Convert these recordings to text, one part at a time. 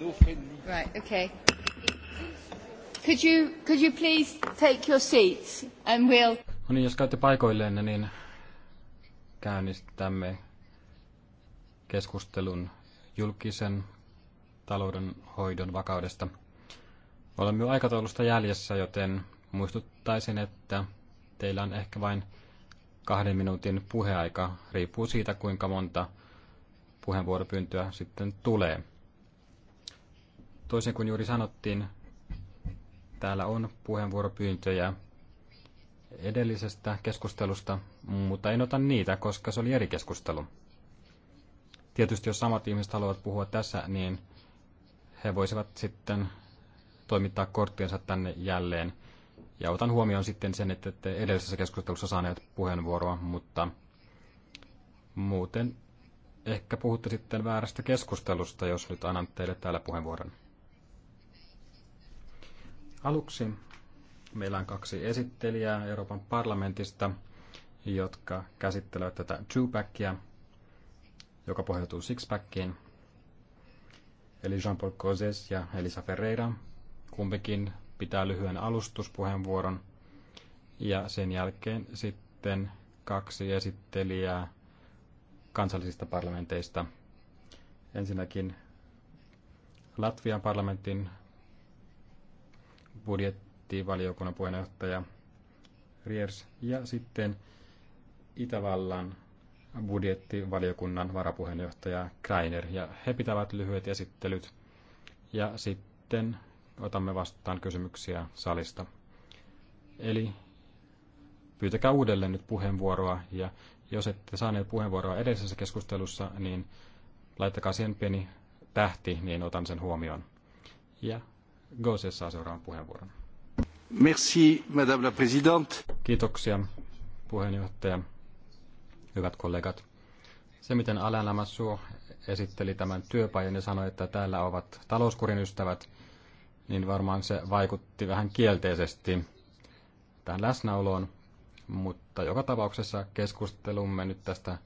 Right, okay. Could you, could you please take your seats and we'll... No niin, jos käytte paikoilleen, niin käynnistämme keskustelun julkisen talouden hoidon vakaudesta. Olemme jo aikataulusta jäljessä, joten muistuttaisin, että teillä on ehkä vain kahden minuutin puheaika, riippuu siitä kuinka monta puheenvuoropyyntöä sitten tulee. Toisin kuin juuri sanottiin, täällä on puheenvuoropyyntöjä edellisestä keskustelusta, mutta en ota niitä, koska se oli eri keskustelu. Tietysti jos samat ihmiset haluavat puhua tässä, niin he voisivat sitten toimittaa korttiensa tänne jälleen. Ja otan huomioon sitten sen, että te edellisessä keskustelussa saaneet puheenvuoroa, mutta muuten ehkä puhutte sitten väärästä keskustelusta, jos nyt annan teille täällä puheenvuoron. Aluksi meillä on kaksi esittelijää Euroopan parlamentista, jotka käsittelevät tätä two-packia, joka pohjautuu six-packiin. Eli Jean-Paul Cosés ja Elisa Ferreira kumpikin pitää lyhyen alustuspuheenvuoron. Ja sen jälkeen sitten kaksi esittelijää kansallisista parlamenteista. Ensinnäkin Latvian parlamentin budjettivaliokunnan puheenjohtaja Riers ja sitten Itävallan budjettivaliokunnan varapuheenjohtaja Kreiner. Ja he pitävät lyhyet esittelyt ja sitten otamme vastaan kysymyksiä salista. Eli pyytäkää uudelleen nyt puheenvuoroa ja jos ette saaneet puheenvuoroa edellisessä keskustelussa, niin laittakaa siihen pieni tähti, niin otan sen huomioon. Ja Gaussias saa seuraavan puheenvuoron. Merci, Madame la Présidente. Kiitoksia, puheenjohtaja. Hyvät kollegat. Se, miten Alain Lamassu esitteli tämän työpajan ja sanoi, että täällä ovat talouskurin ystävät, niin varmaan se vaikutti vähän kielteisesti tähän läsnäoloon. Mutta joka tapauksessa keskustelumme nyt tästä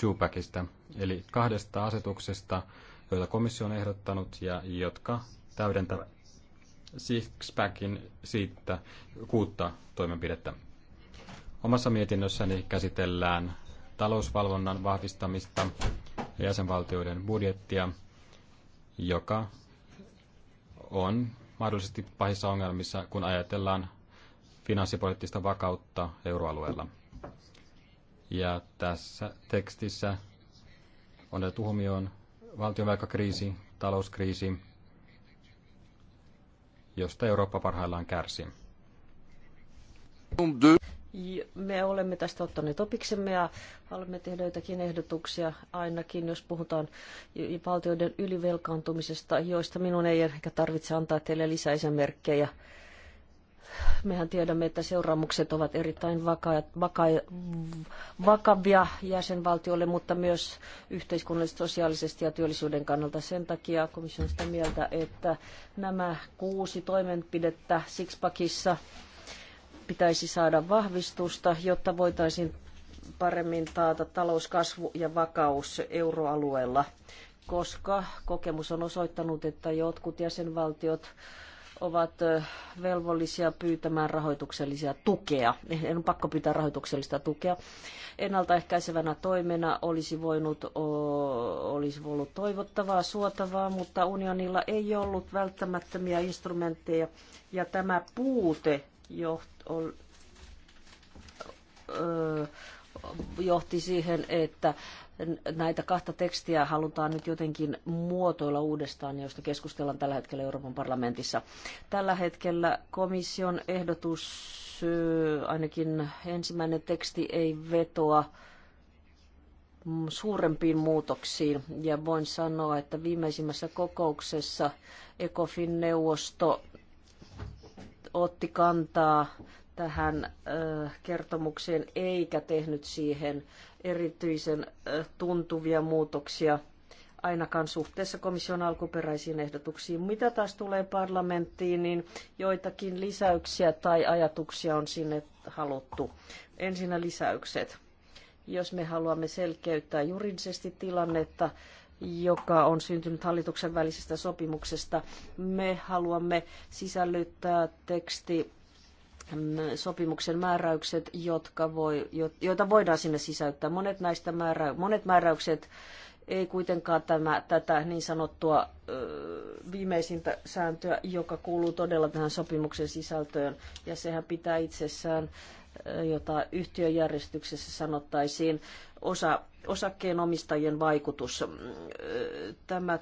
Tupacista, eli kahdesta asetuksesta, joita komissio on ehdottanut ja jotka täydentävät Sixpackin siitä kuutta toimenpidettä. Omassa mietinnössäni käsitellään talousvalvonnan vahvistamista ja jäsenvaltioiden budjettia, joka on mahdollisesti pahissa ongelmissa, kun ajatellaan finanssipoliittista vakautta euroalueella. Ja tässä tekstissä on otettu huomioon valtionvelkakriisi, talouskriisi josta Eurooppa parhaillaan kärsii. Me olemme tästä ottaneet opiksemme ja haluamme tehdä joitakin ehdotuksia, ainakin jos puhutaan valtioiden ylivelkaantumisesta, joista minun ei ehkä tarvitse antaa teille lisäisiä merkkejä. Mehän tiedämme, että seuraamukset ovat erittäin vaka- vaka- vakavia jäsenvaltioille, mutta myös yhteiskunnallisesti, sosiaalisesti ja työllisyyden kannalta. Sen takia komissio on sitä mieltä, että nämä kuusi toimenpidettä Sixpackissa pitäisi saada vahvistusta, jotta voitaisiin paremmin taata talouskasvu ja vakaus euroalueella, koska kokemus on osoittanut, että jotkut jäsenvaltiot ovat velvollisia pyytämään rahoituksellisia tukea. En pakko pyytää rahoituksellista tukea. Ennaltaehkäisevänä toimena olisi, voinut, olisi ollut toivottavaa, suotavaa, mutta unionilla ei ollut välttämättömiä instrumentteja. Ja tämä puute joht, johti siihen, että näitä kahta tekstiä halutaan nyt jotenkin muotoilla uudestaan, josta keskustellaan tällä hetkellä Euroopan parlamentissa. Tällä hetkellä komission ehdotus, ainakin ensimmäinen teksti, ei vetoa suurempiin muutoksiin. Ja voin sanoa, että viimeisimmässä kokouksessa ECOFIN-neuvosto otti kantaa tähän kertomukseen eikä tehnyt siihen erityisen tuntuvia muutoksia ainakaan suhteessa komission alkuperäisiin ehdotuksiin. Mitä taas tulee parlamenttiin, niin joitakin lisäyksiä tai ajatuksia on sinne haluttu. Ensinnä lisäykset. Jos me haluamme selkeyttää juridisesti tilannetta, joka on syntynyt hallituksen välisestä sopimuksesta, me haluamme sisällyttää teksti sopimuksen määräykset, jotka voi, joita voidaan sinne sisäyttää. Monet näistä määrä, monet määräykset ei kuitenkaan tämä, tätä niin sanottua ö, viimeisintä sääntöä, joka kuuluu todella tähän sopimuksen sisältöön. Ja sehän pitää itsessään, ö, jota yhtiöjärjestyksessä sanottaisiin, osa, osakkeenomistajien vaikutus. Ö, tämä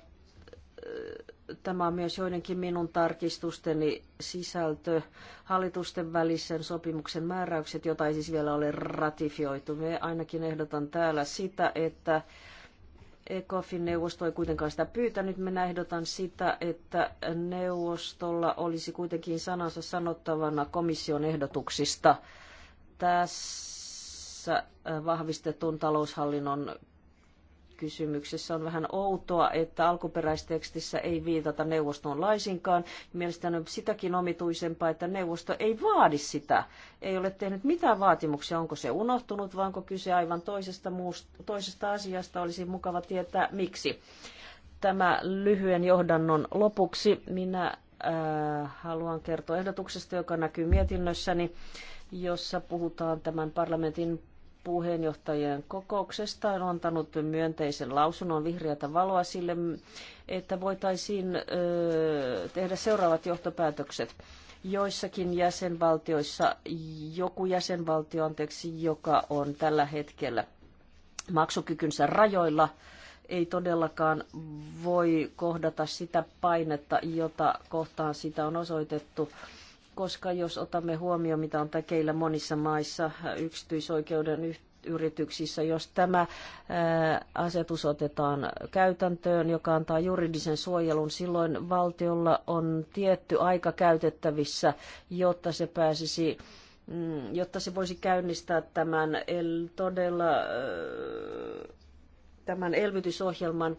ö, Tämä on myös joidenkin minun tarkistusteni sisältö, hallitusten välisen sopimuksen määräykset, jota ei siis vielä ole ratifioitu. Me ainakin ehdotan täällä sitä, että ECOFin neuvosto ei kuitenkaan sitä pyytänyt. Minä ehdotan sitä, että neuvostolla olisi kuitenkin sanansa sanottavana komission ehdotuksista tässä vahvistetun taloushallinnon kysymyksessä. On vähän outoa, että alkuperäistekstissä ei viitata neuvostoon laisinkaan. Mielestäni on sitäkin omituisempaa, että neuvosto ei vaadi sitä, ei ole tehnyt mitään vaatimuksia. Onko se unohtunut vai onko kyse aivan toisesta, muusta, toisesta asiasta? Olisi mukava tietää miksi. Tämä lyhyen johdannon lopuksi minä äh, haluan kertoa ehdotuksesta, joka näkyy mietinnössäni jossa puhutaan tämän parlamentin puheenjohtajien kokouksesta on antanut myönteisen lausunnon vihreätä valoa sille, että voitaisiin tehdä seuraavat johtopäätökset. Joissakin jäsenvaltioissa joku jäsenvaltio, anteeksi, joka on tällä hetkellä maksukykynsä rajoilla, ei todellakaan voi kohdata sitä painetta, jota kohtaan sitä on osoitettu koska jos otamme huomioon, mitä on tekeillä monissa maissa yksityisoikeuden yrityksissä, jos tämä asetus otetaan käytäntöön, joka antaa juridisen suojelun, silloin valtiolla on tietty aika käytettävissä, jotta se pääsisi mm, jotta se voisi käynnistää tämän todella tämän elvytysohjelman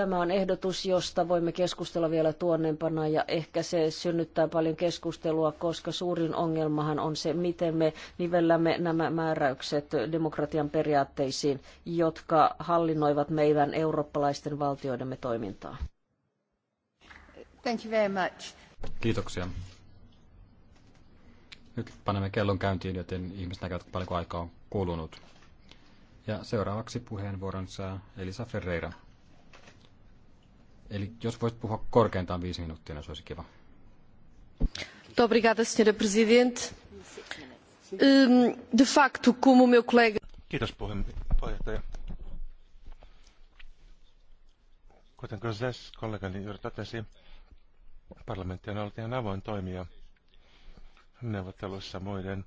Tämä on ehdotus, josta voimme keskustella vielä tuonnempana ja ehkä se synnyttää paljon keskustelua, koska suurin ongelmahan on se, miten me nivellämme nämä määräykset demokratian periaatteisiin, jotka hallinnoivat meidän eurooppalaisten valtioidemme toimintaa. Thank you very much. Kiitoksia. Nyt panemme kellon käyntiin, joten ihmiset näkevät, paljonko aikaa on kulunut. Ja seuraavaksi puheenvuoron saa Elisa Ferreira. Eli jos voisit puhua korkeintaan viisi minuuttia, niin se olisi kiva. Obrigada, senhora presidente. De facto, como meu colega... Kiitos puheenjohtaja. Kuten Gozes kollegani juuri totesi, parlamentti on ollut ihan avoin toimija neuvotteluissa muiden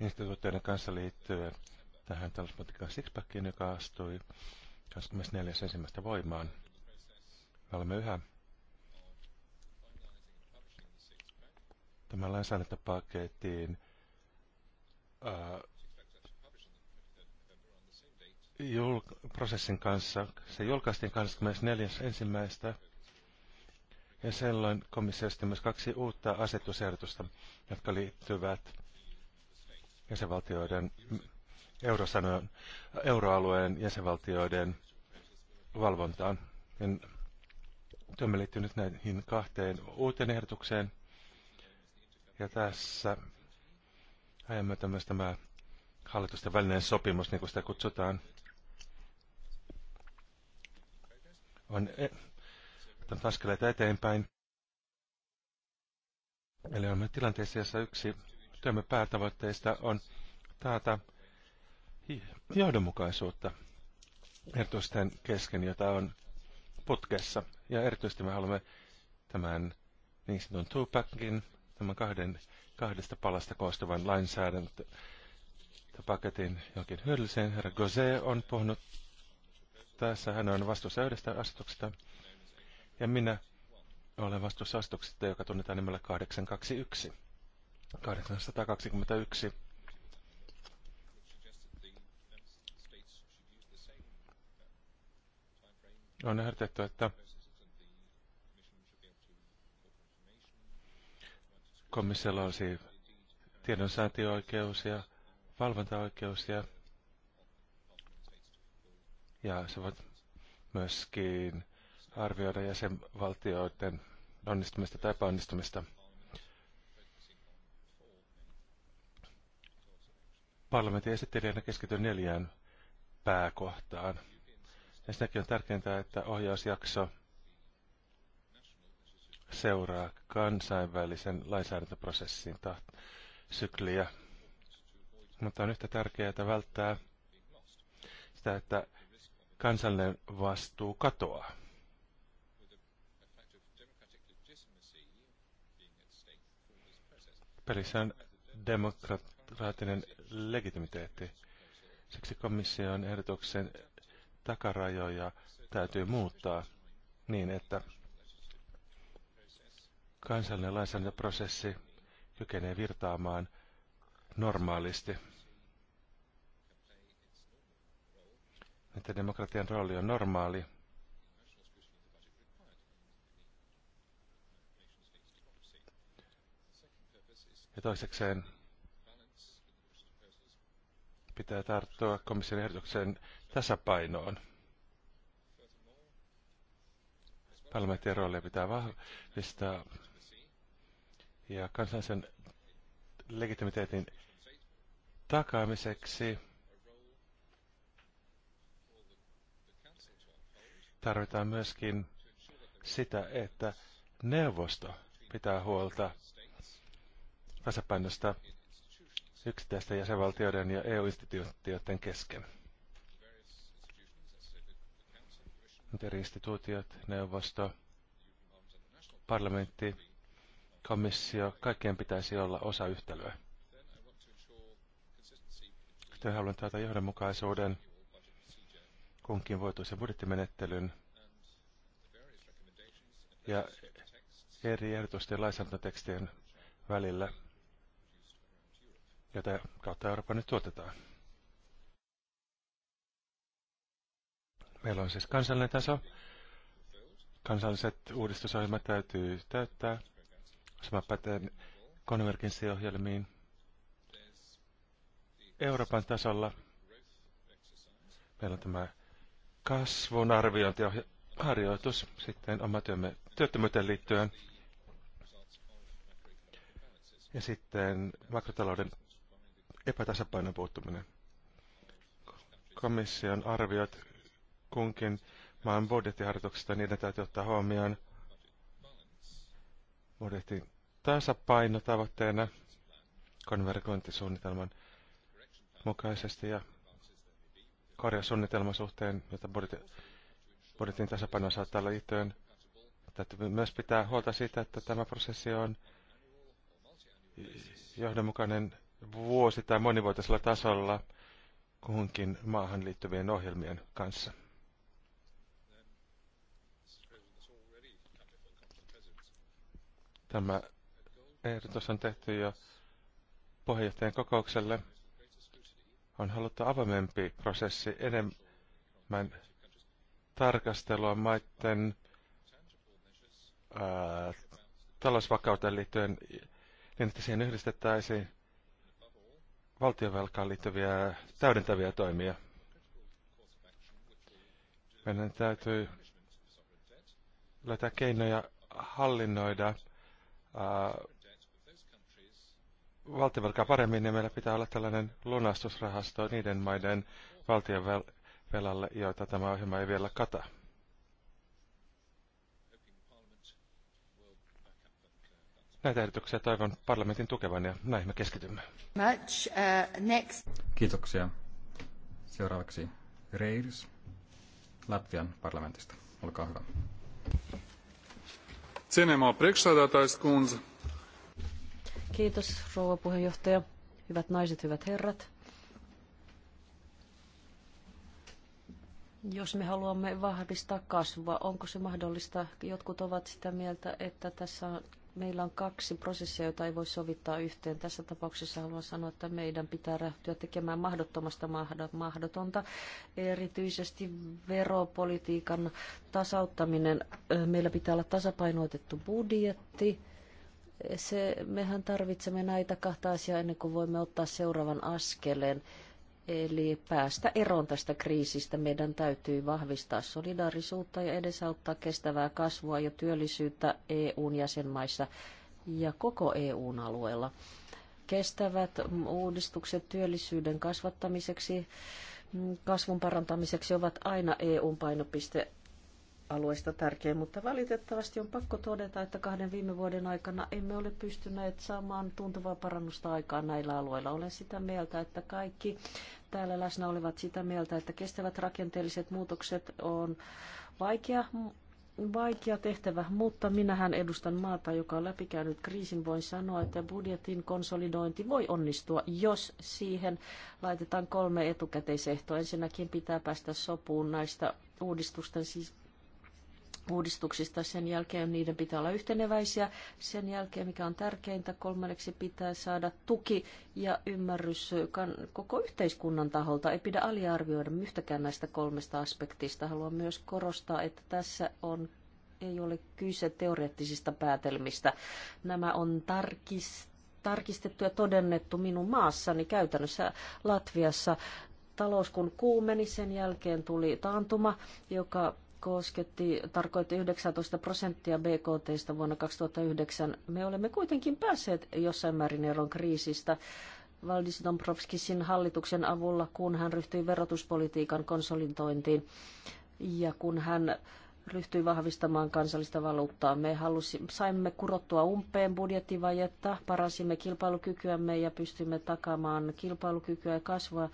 instituutioiden kanssa liittyen tähän talouspolitiikan sixpackiin, joka astui 24.1. voimaan. Me olemme yhä tämän lainsäädäntöpakettiin äh, jul- prosessin kanssa. Se julkaistiin 24.1. Ja silloin komissiosta myös kaksi uutta asetusehdotusta, jotka liittyvät jäsenvaltioiden eurosanojen, euroalueen jäsenvaltioiden valvontaan. Työmme liittyy nyt näihin kahteen uuteen ehdotukseen. Ja tässä ajamme tämmöistä tämä hallitusten välinen sopimus, niin kuin sitä kutsutaan. On e- askeleita eteenpäin. Eli olemme tilanteessa, jossa yksi työmme päätavoitteista on taata johdonmukaisuutta ehdotusten kesken, jota on putkessa. Ja erityisesti me haluamme tämän niin sanotun Tupakin, tämän kahden, kahdesta palasta koostuvan lainsäädäntöpaketin jonkin hyödylliseen. Herra Gose on puhunut tässä. Hän on vastuussa yhdestä asetuksesta. Ja minä olen vastuussa asetuksesta, joka tunnetaan nimellä 821. 821 On ehdotettu, että komissiolla olisi tiedonsaantioikeus ja valvontaoikeus ja, ja se voi myöskin arvioida jäsenvaltioiden onnistumista tai epäonnistumista. Parlamentin esittelijänä keskityn neljään pääkohtaan. Ensinnäkin on tärkeintä, että ohjausjakso seuraa kansainvälisen lainsäädäntöprosessin taht- sykliä. Mutta on yhtä tärkeää että välttää sitä, että kansallinen vastuu katoaa. Pelissä on demokraattinen legitimiteetti. Siksi komission ehdotuksen takarajoja täytyy muuttaa niin, että kansallinen lainsäädäntöprosessi kykenee virtaamaan normaalisti. Että demokratian rooli on normaali. Ja toisekseen pitää tarttua komission ehdotukseen tasapainoon. Parlamentin roolia pitää vahvistaa ja kansallisen legitimiteetin takaamiseksi tarvitaan myöskin sitä, että neuvosto pitää huolta tasapainosta yksittäisten jäsenvaltioiden ja EU-instituutioiden kesken. eri instituutiot, neuvosto, parlamentti, komissio, kaikkien pitäisi olla osa yhtälöä. Sitten haluan taata johdonmukaisuuden kunkin voituisen budjettimenettelyn ja eri ehdotusten lainsäädäntötekstien välillä, jota kautta Eurooppa nyt tuotetaan. Meillä on siis kansallinen taso. Kansalliset uudistusohjelmat täytyy täyttää. Sama pätee konvergenssiohjelmiin. Euroopan tasolla meillä on tämä kasvun arviointiharjoitus, sitten oma työmme työttömyyteen liittyen. Ja sitten makrotalouden epätasapainon puuttuminen. Komission arviot kunkin maan budjettiharjoituksesta, niin niiden täytyy ottaa huomioon budjetin tasapaino tavoitteena konvergointisuunnitelman mukaisesti ja korjaussuunnitelman suhteen, jota budjetin, budjetin tasapaino saattaa olla liittyen. Täytyy myös pitää huolta siitä, että tämä prosessi on johdonmukainen vuosi- tai monivuotisella tasolla kuhunkin maahan liittyvien ohjelmien kanssa. Tämä ehdotus on tehty jo puheenjohtajan kokoukselle. On haluttu avoimempi prosessi, enemmän tarkastelua maiden ää, talousvakauteen liittyen, niin että siihen yhdistettäisiin valtiovelkaan liittyviä täydentäviä toimia. Meidän täytyy löytää keinoja hallinnoida valtionvelkaa paremmin, niin meillä pitää olla tällainen lunastusrahasto niiden maiden valtionvelalle, joita tämä ohjelma ei vielä kata. Näitä ehdotuksia toivon parlamentin tukevan ja näihin me keskitymme. Much, uh, next. Kiitoksia. Seuraavaksi Reiris Latvian parlamentista. Olkaa hyvä. Cienējumā priekšsēdētājs kundze. Kiitos, rouva puheenjohtaja. Hyvät naiset, hyvät herrat. Jos me haluamme vahvistaa kasvua, onko se mahdollista? Jotkut ovat sitä mieltä, että tässä on meillä on kaksi prosessia, joita ei voi sovittaa yhteen. Tässä tapauksessa haluan sanoa, että meidän pitää ryhtyä tekemään mahdottomasta mahdotonta. Erityisesti veropolitiikan tasauttaminen. Meillä pitää olla tasapainoitettu budjetti. Se, mehän tarvitsemme näitä kahta asiaa ennen kuin voimme ottaa seuraavan askeleen. Eli päästä eroon tästä kriisistä meidän täytyy vahvistaa solidaarisuutta ja edesauttaa kestävää kasvua ja työllisyyttä EUn jäsenmaissa ja koko EUn alueella. Kestävät uudistukset työllisyyden kasvattamiseksi kasvun parantamiseksi ovat aina EUn painopiste alueista tärkeä, mutta valitettavasti on pakko todeta, että kahden viime vuoden aikana emme ole pystyneet saamaan tuntuvaa parannusta aikaan näillä alueilla. Olen sitä mieltä, että kaikki täällä läsnä olevat sitä mieltä, että kestävät rakenteelliset muutokset on vaikea vaikea tehtävä, mutta minähän edustan maata, joka on läpikäynyt kriisin. Voin sanoa, että budjetin konsolidointi voi onnistua, jos siihen laitetaan kolme etukäteisehtoa. Ensinnäkin pitää päästä sopuun näistä uudistusten uudistuksista. Sen jälkeen niiden pitää olla yhteneväisiä. Sen jälkeen, mikä on tärkeintä, kolmanneksi pitää saada tuki ja ymmärrys koko yhteiskunnan taholta. Ei pidä aliarvioida yhtäkään näistä kolmesta aspektista. Haluan myös korostaa, että tässä on ei ole kyse teoreettisista päätelmistä. Nämä on tarkistettu ja todennettu minun maassani käytännössä Latviassa. Talous kun kuumeni, sen jälkeen tuli taantuma, joka kosketti, tarkoitti 19 prosenttia BKTstä vuonna 2009. Me olemme kuitenkin päässeet jossain määrin eron kriisistä. Valdis Dombrovskisin hallituksen avulla, kun hän ryhtyi verotuspolitiikan konsolidointiin ja kun hän ryhtyi vahvistamaan kansallista valuuttaa. Me halusi, saimme kurottua umpeen budjettivajetta, parasimme kilpailukykyämme ja pystymme takaamaan kilpailukykyä ja kasvua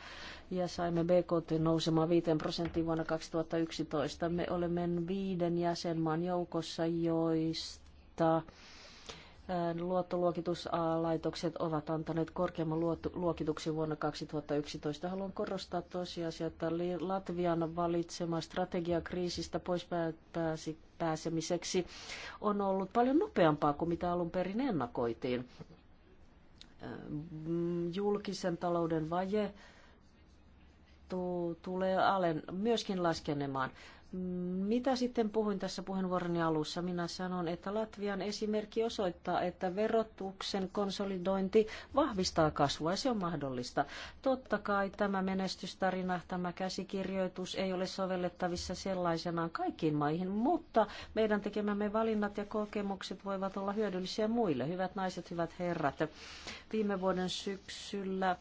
ja saimme BKT nousemaan 5 prosenttiin vuonna 2011. Me olemme viiden jäsenmaan joukossa, joista luottoluokituslaitokset ovat antaneet korkeamman luokituksen vuonna 2011. Haluan korostaa tosiasia, että Latvian valitsema strategia kriisistä pois pääsi, pääsemiseksi on ollut paljon nopeampaa kuin mitä alun perin ennakoitiin. Julkisen talouden vaje tulee alen, myöskin laskenemaan. Mitä sitten puhuin tässä puheenvuoroni alussa? Minä sanon, että Latvian esimerkki osoittaa, että verotuksen konsolidointi vahvistaa kasvua ja se on mahdollista. Totta kai tämä menestystarina, tämä käsikirjoitus ei ole sovellettavissa sellaisenaan kaikkiin maihin, mutta meidän tekemämme valinnat ja kokemukset voivat olla hyödyllisiä muille. Hyvät naiset, hyvät herrat, viime vuoden syksyllä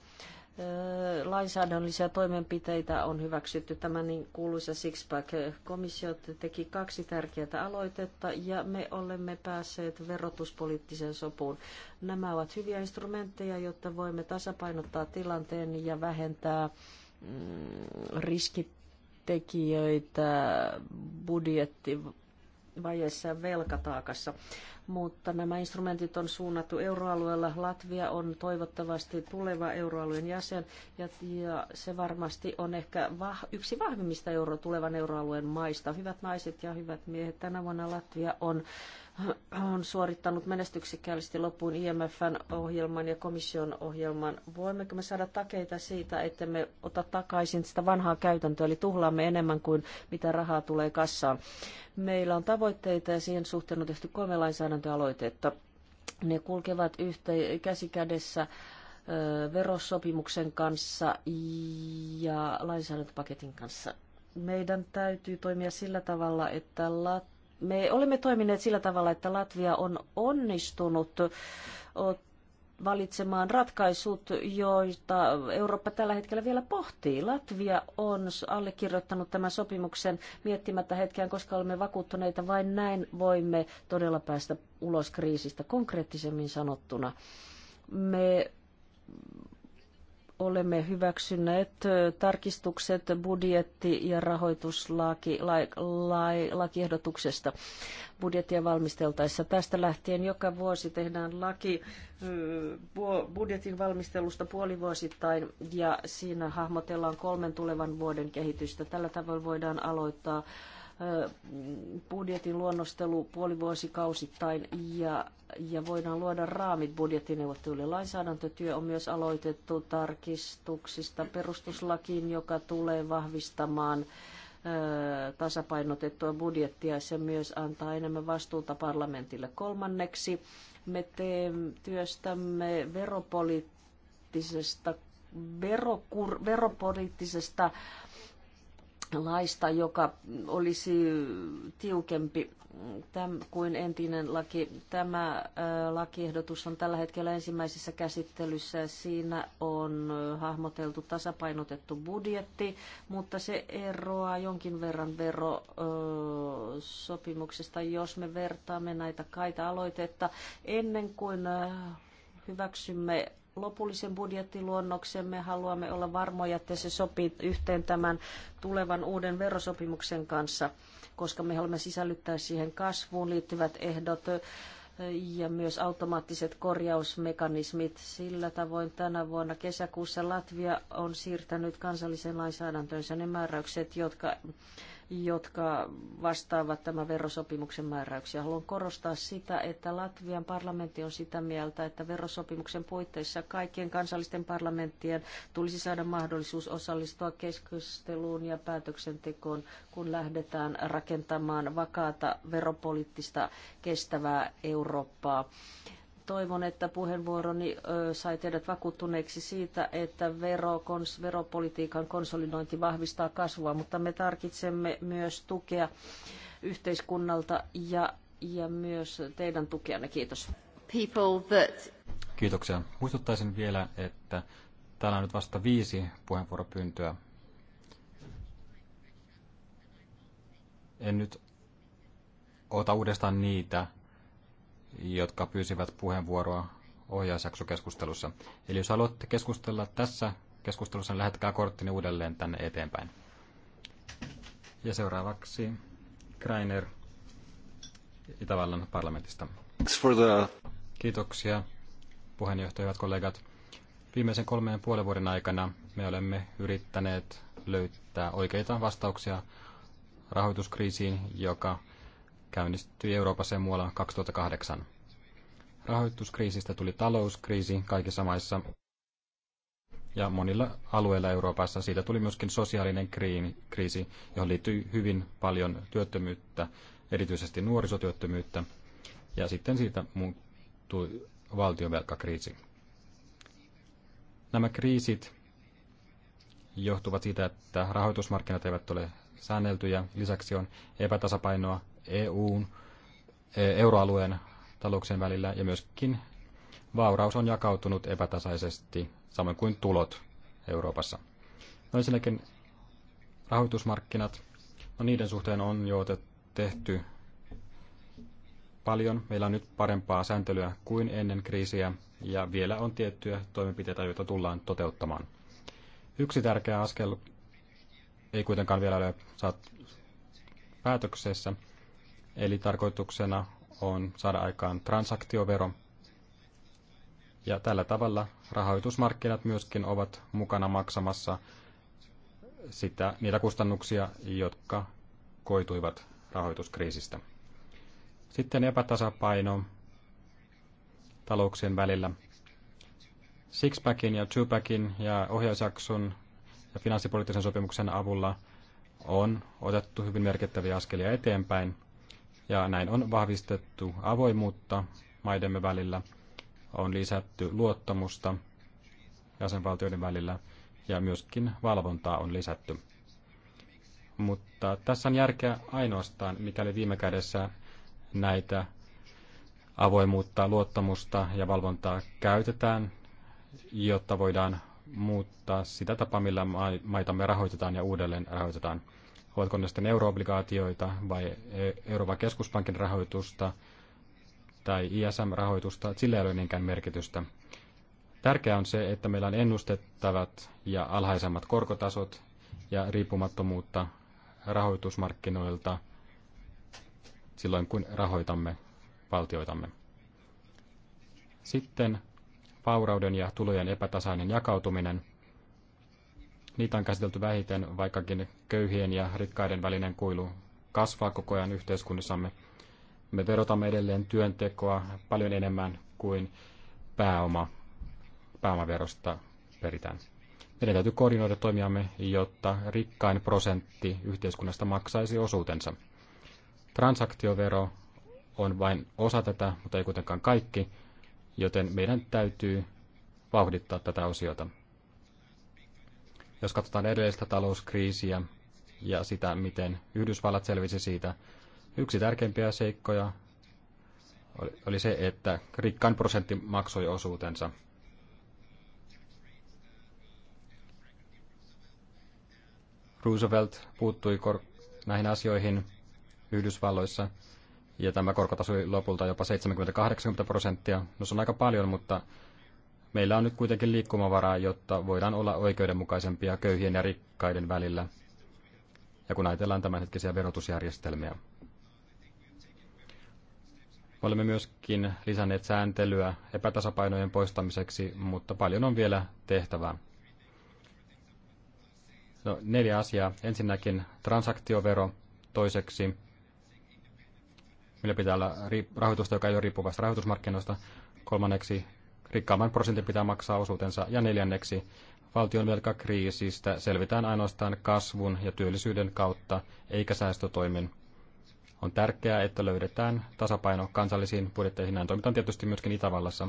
lainsäädännöllisiä toimenpiteitä on hyväksytty. Tämä niin kuuluisa Sixpack-komissio teki kaksi tärkeää aloitetta ja me olemme päässeet verotuspoliittiseen sopuun. Nämä ovat hyviä instrumentteja, jotta voimme tasapainottaa tilanteen ja vähentää mm, riskitekijöitä budjetti vajeessa ja velkataakassa. Mutta nämä instrumentit on suunnattu euroalueella. Latvia on toivottavasti tuleva euroalueen jäsen ja, ja se varmasti on ehkä vah, yksi vahvimmista euro, tulevan euroalueen maista. Hyvät naiset ja hyvät miehet, tänä vuonna Latvia on on suorittanut menestyksekkäästi loppuun IMFn ohjelman ja komission ohjelman. Voimmeko me saada takeita siitä, että me ota takaisin sitä vanhaa käytäntöä, eli tuhlaamme enemmän kuin mitä rahaa tulee kassaan? Meillä on tavoitteita ja siihen suhteen on tehty kolme lainsäädäntöaloitetta. Ne kulkevat käsi käsikädessä verosopimuksen kanssa ja lainsäädäntöpaketin kanssa. Meidän täytyy toimia sillä tavalla, että lat me olemme toimineet sillä tavalla, että Latvia on onnistunut valitsemaan ratkaisut, joita Eurooppa tällä hetkellä vielä pohtii. Latvia on allekirjoittanut tämän sopimuksen miettimättä hetkään, koska olemme vakuuttuneita. Vain näin voimme todella päästä ulos kriisistä konkreettisemmin sanottuna. Me olemme hyväksyneet tarkistukset budjetti- ja rahoituslakiehdotuksesta budjettia valmisteltaessa. Tästä lähtien joka vuosi tehdään laki budjetin valmistelusta puolivuosittain ja siinä hahmotellaan kolmen tulevan vuoden kehitystä. Tällä tavoin voidaan aloittaa budjetin luonnostelu puolivuosikausittain ja, ja voidaan luoda raamit budjettineuvotteluille. Lainsäädäntötyö on myös aloitettu tarkistuksista perustuslakiin, joka tulee vahvistamaan tasapainotettua budjettia ja se myös antaa enemmän vastuuta parlamentille. Kolmanneksi me teemme työstämme veropoliittisesta verokur, veropoliittisesta laista, joka olisi tiukempi kuin entinen laki. Tämä lakiehdotus on tällä hetkellä ensimmäisessä käsittelyssä. Siinä on hahmoteltu tasapainotettu budjetti, mutta se eroaa jonkin verran verosopimuksesta, jos me vertaamme näitä kaita aloitetta ennen kuin hyväksymme lopullisen budjettiluonnoksen me Haluamme olla varmoja, että se sopii yhteen tämän tulevan uuden verosopimuksen kanssa, koska me haluamme sisällyttää siihen kasvuun liittyvät ehdot ja myös automaattiset korjausmekanismit. Sillä tavoin tänä vuonna kesäkuussa Latvia on siirtänyt kansallisen lainsäädäntönsä ne määräykset, jotka jotka vastaavat tämän verosopimuksen määräyksiä. Haluan korostaa sitä, että Latvian parlamentti on sitä mieltä, että verosopimuksen puitteissa kaikkien kansallisten parlamenttien tulisi saada mahdollisuus osallistua keskusteluun ja päätöksentekoon, kun lähdetään rakentamaan vakaata veropoliittista kestävää Eurooppaa. Toivon, että puheenvuoroni sai teidät vakuuttuneeksi siitä, että vero, kons, veropolitiikan konsolidointi vahvistaa kasvua, mutta me tarvitsemme myös tukea yhteiskunnalta ja, ja myös teidän tukeanne. Kiitos. That... Kiitoksia. Muistuttaisin vielä, että täällä on nyt vasta viisi puheenvuoropyyntöä. En nyt ota uudestaan niitä jotka pyysivät puheenvuoroa ohjausjaksokeskustelussa. Eli jos haluatte keskustella tässä keskustelussa, niin lähettäkää korttini uudelleen tänne eteenpäin. Ja seuraavaksi Kreiner Itävallan parlamentista. the Kiitoksia puheenjohtaja, hyvät kollegat. Viimeisen kolmeen ja puolen vuoden aikana me olemme yrittäneet löytää oikeita vastauksia rahoituskriisiin, joka käynnistyi Euroopassa ja muualla 2008. Rahoituskriisistä tuli talouskriisi kaikissa maissa ja monilla alueilla Euroopassa siitä tuli myöskin sosiaalinen kriisi, johon liittyi hyvin paljon työttömyyttä, erityisesti nuorisotyöttömyyttä, ja sitten siitä muuttui valtionvelkakriisi. Nämä kriisit johtuvat siitä, että rahoitusmarkkinat eivät ole säänneltyjä, lisäksi on epätasapainoa EUn, e, euroalueen talouksien välillä ja myöskin vauraus on jakautunut epätasaisesti, samoin kuin tulot Euroopassa. No ensinnäkin rahoitusmarkkinat, no niiden suhteen on jo tehty paljon. Meillä on nyt parempaa sääntelyä kuin ennen kriisiä ja vielä on tiettyjä toimenpiteitä, joita tullaan toteuttamaan. Yksi tärkeä askel ei kuitenkaan vielä ole saatu päätöksessä, Eli tarkoituksena on saada aikaan transaktiovero. Ja tällä tavalla rahoitusmarkkinat myöskin ovat mukana maksamassa sitä, niitä kustannuksia, jotka koituivat rahoituskriisistä. Sitten epätasapaino talouksien välillä. Sixpackin ja Twopackin ja ohjausjakson ja finanssipoliittisen sopimuksen avulla on otettu hyvin merkittäviä askelia eteenpäin – ja näin on vahvistettu avoimuutta maidemme välillä, on lisätty luottamusta jäsenvaltioiden välillä ja myöskin valvontaa on lisätty. Mutta tässä on järkeä ainoastaan, mikäli viime kädessä näitä avoimuutta, luottamusta ja valvontaa käytetään, jotta voidaan muuttaa sitä tapaa, millä maitamme rahoitetaan ja uudelleen rahoitetaan ovatko ne sitten euroobligaatioita vai e- Euroopan keskuspankin rahoitusta tai ISM-rahoitusta, sillä ei ole niinkään merkitystä. Tärkeää on se, että meillä on ennustettavat ja alhaisemmat korkotasot ja riippumattomuutta rahoitusmarkkinoilta silloin, kun rahoitamme valtioitamme. Sitten vaurauden ja tulojen epätasainen jakautuminen. Niitä on käsitelty vähiten, vaikkakin köyhien ja rikkaiden välinen kuilu kasvaa koko ajan yhteiskunnissamme. Me verotamme edelleen työntekoa paljon enemmän kuin pääoma, pääomaverosta peritään. Meidän täytyy koordinoida toimiamme, jotta rikkain prosentti yhteiskunnasta maksaisi osuutensa. Transaktiovero on vain osa tätä, mutta ei kuitenkaan kaikki, joten meidän täytyy vauhdittaa tätä osiota. Jos katsotaan edellistä talouskriisiä ja sitä, miten Yhdysvallat selvisi siitä, yksi tärkeimpiä seikkoja oli se, että rikkaan prosentti maksoi osuutensa. Roosevelt puuttui kor- näihin asioihin Yhdysvalloissa, ja tämä korkotaso oli lopulta jopa 70-80 prosenttia. No se on aika paljon, mutta meillä on nyt kuitenkin liikkumavaraa, jotta voidaan olla oikeudenmukaisempia köyhien ja rikkaiden välillä. Ja kun ajatellaan tämänhetkisiä verotusjärjestelmiä. Me olemme myöskin lisänneet sääntelyä epätasapainojen poistamiseksi, mutta paljon on vielä tehtävää. No, neljä asiaa. Ensinnäkin transaktiovero, toiseksi millä pitää olla rahoitusta, joka ei ole riippuvasta rahoitusmarkkinoista, kolmanneksi rikkaamman prosentin pitää maksaa osuutensa. Ja neljänneksi, valtion velkakriisistä selvitään ainoastaan kasvun ja työllisyyden kautta, eikä säästötoimin. On tärkeää, että löydetään tasapaino kansallisiin budjetteihin. Näin toimitaan tietysti myöskin Itävallassa,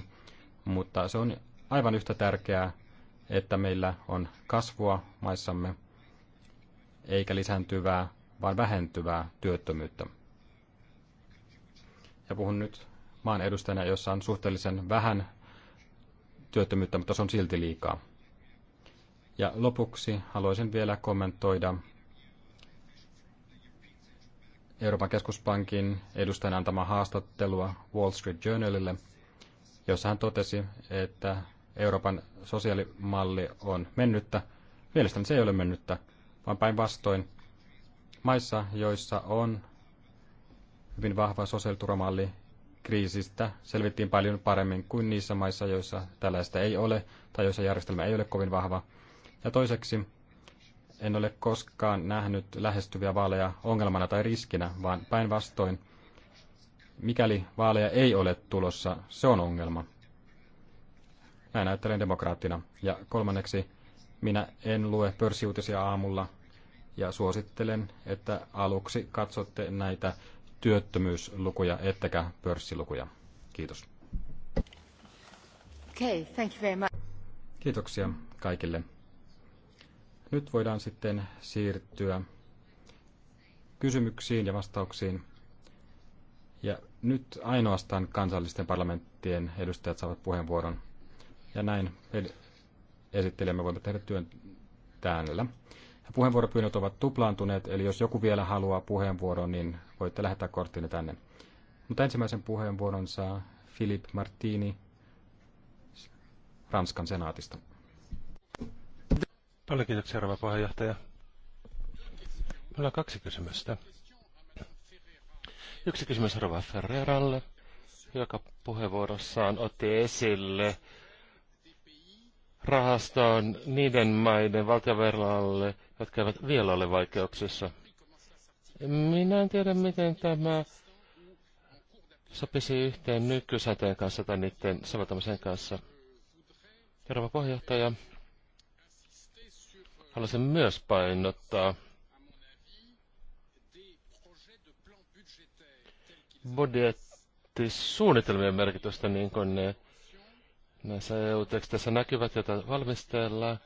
mutta se on aivan yhtä tärkeää, että meillä on kasvua maissamme, eikä lisääntyvää, vaan vähentyvää työttömyyttä. Ja puhun nyt maan edustajana, jossa on suhteellisen vähän työttömyyttä, mutta se on silti liikaa. Ja lopuksi haluaisin vielä kommentoida Euroopan keskuspankin edustajan antama haastattelua Wall Street Journalille, jossa hän totesi, että Euroopan sosiaalimalli on mennyttä. Mielestäni se ei ole mennyttä, vaan päinvastoin maissa, joissa on hyvin vahva sosiaaliturvamalli, kriisistä selvittiin paljon paremmin kuin niissä maissa, joissa tällaista ei ole tai joissa järjestelmä ei ole kovin vahva. Ja toiseksi, en ole koskaan nähnyt lähestyviä vaaleja ongelmana tai riskinä, vaan päinvastoin, mikäli vaaleja ei ole tulossa, se on ongelma. Näin ajattelen demokraattina. Ja kolmanneksi, minä en lue pörssiuutisia aamulla ja suosittelen, että aluksi katsotte näitä työttömyyslukuja ettekä pörssilukuja. Kiitos. Okay, thank you very much. Kiitoksia kaikille. Nyt voidaan sitten siirtyä kysymyksiin ja vastauksiin. Ja nyt ainoastaan kansallisten parlamenttien edustajat saavat puheenvuoron. Ja näin esittelemme voimme tehdä työn täällä. puheenvuoropyynnöt ovat tuplaantuneet, eli jos joku vielä haluaa puheenvuoron, niin voitte lähettää korttinne tänne. Mutta ensimmäisen puheenvuoron saa Philip Martini Ranskan senaatista. Paljon kiitoksia, herra puheenjohtaja. Meillä on kaksi kysymystä. Yksi kysymys Rova Ferreralle, joka puheenvuorossaan otti esille rahastoon niiden maiden valtioverlalle, jotka eivät vielä ole vaikeuksissa. Minä en tiedä, miten tämä sopisi yhteen nykysäteen kanssa tai niiden soveltamisen kanssa. Herra puheenjohtaja, haluaisin myös painottaa budjettisuunnitelmien merkitystä, niin kuin ne näissä EU-teksteissä näkyvät, joita valmistellaan,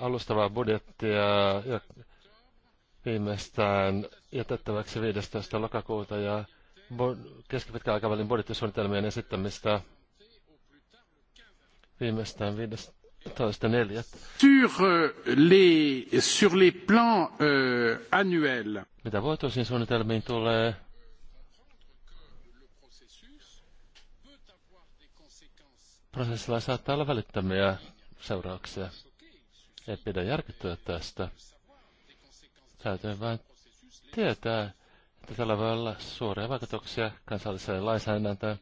alustavaa budjettia viimeistään jätettäväksi 15. lokakuuta ja keskipitkän aikavälin budjettisuunnitelmien esittämistä viimeistään 15.4. Sur euh, les, sur les plans euh, annuels. Mitä vuotuisiin suunnitelmiin tulee, prosessilla saattaa olla välittömiä seurauksia. Ei pidä järkyttyä tästä. Täytyy vain tietää, että tällä voi olla suuria vaikutuksia kansalliselle lainsäädäntöön.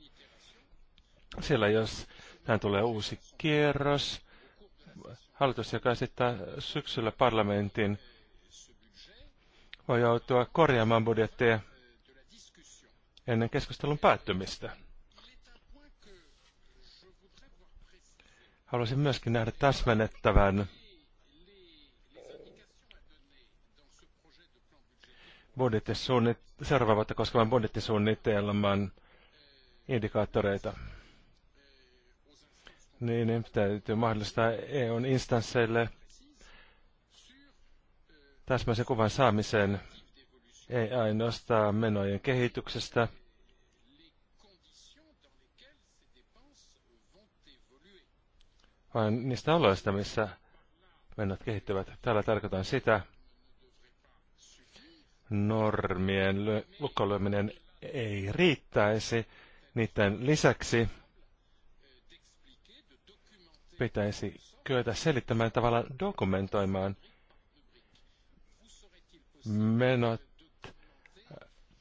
Sillä jos tähän tulee uusi kierros, hallitus, joka esittää syksyllä parlamentin, voi joutua korjaamaan budjetteja ennen keskustelun päättymistä. Haluaisin myöskin nähdä täsmennettävän budjettisuunnit, seuraavaa vuotta koskevan budjettisuunnitelman indikaattoreita. Niin, niin täytyy mahdollistaa EUn instansseille täsmäisen kuvan saamiseen ei ainoastaan menojen kehityksestä, vaan niistä oloista, missä menot kehittyvät. Täällä tarkoitan sitä, normien lukkolyöminen ei riittäisi. Niiden lisäksi pitäisi kyetä selittämään tavalla dokumentoimaan menot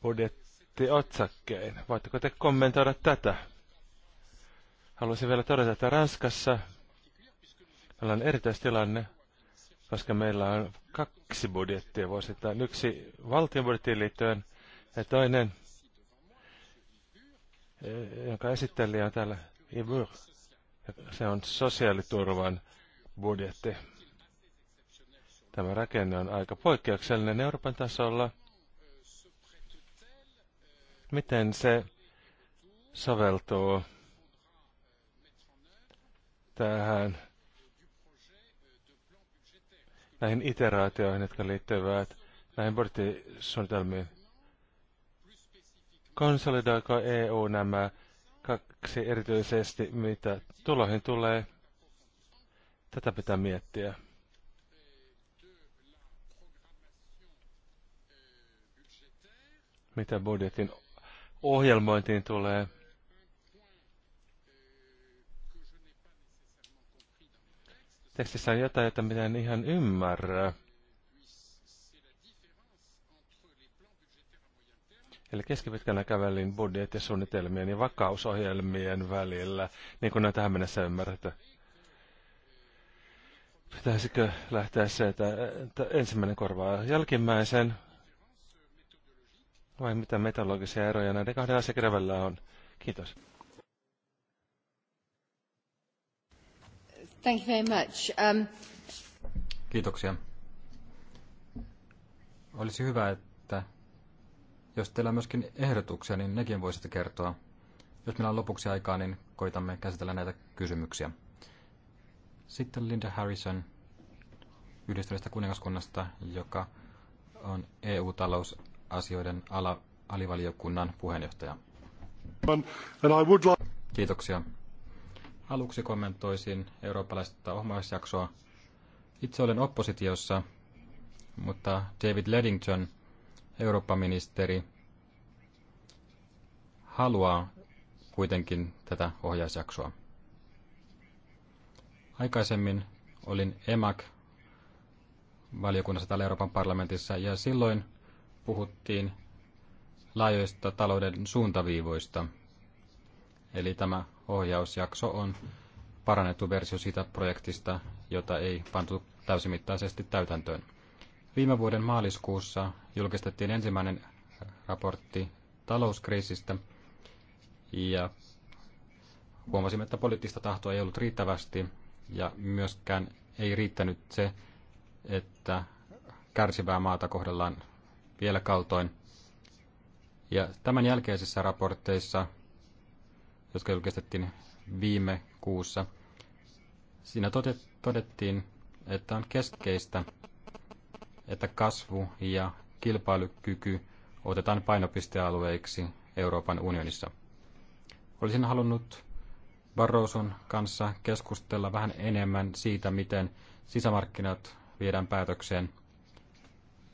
budjettiotsakkeen. Voitteko te kommentoida tätä? Haluaisin vielä todeta, että Ranskassa meillä on erityistilanne, koska meillä on kaksi budjettia vuosittain. Yksi valtion budjettiin liittyen ja toinen, eh, jonka esittelijä on täällä Ibur. Se on sosiaaliturvan budjetti. Tämä rakenne on aika poikkeuksellinen Euroopan tasolla. Miten se soveltuu tähän näihin iteraatioihin, jotka liittyvät näihin budjettisuunnitelmiin. Konsolidoiko EU nämä kaksi erityisesti, mitä tuloihin tulee? Tätä pitää miettiä. Mitä budjetin ohjelmointiin tulee? tekstissä on jotain, jota minä en ihan ymmärrä. Eli keskipitkänä kävelin budjettisuunnitelmien ja vakausohjelmien välillä, niin kuin on tähän mennessä ymmärretty. Pitäisikö lähteä se, että, että ensimmäinen korvaa jälkimmäisen, vai mitä metallogisia eroja näiden kahden asiakirjan on? Kiitos. Thank you very much. Um... Kiitoksia. Olisi hyvä, että jos teillä on myöskin ehdotuksia, niin nekin voisitte kertoa. Jos meillä on lopuksi aikaa, niin koitamme käsitellä näitä kysymyksiä. Sitten Linda Harrison yhdistyneestä kuningaskunnasta, joka on EU-talousasioiden ala, alivaliokunnan puheenjohtaja. Kiitoksia. Aluksi kommentoisin eurooppalaista ohmaisjaksoa. Itse olen oppositiossa, mutta David Ledington, eurooppaministeri, haluaa kuitenkin tätä ohjausjaksoa. Aikaisemmin olin EMAC valiokunnassa täällä Euroopan parlamentissa ja silloin puhuttiin laajoista talouden suuntaviivoista. Eli tämä ohjausjakso on parannettu versio siitä projektista, jota ei pantu täysimittaisesti täytäntöön. Viime vuoden maaliskuussa julkistettiin ensimmäinen raportti talouskriisistä ja huomasimme, että poliittista tahtoa ei ollut riittävästi ja myöskään ei riittänyt se, että kärsivää maata kohdellaan vielä kaltoin. Ja tämän jälkeisissä raporteissa jotka julkistettiin viime kuussa. Siinä todettiin, että on keskeistä, että kasvu ja kilpailukyky otetaan painopistealueiksi Euroopan unionissa. Olisin halunnut Barroson kanssa keskustella vähän enemmän siitä, miten sisämarkkinat viedään päätökseen.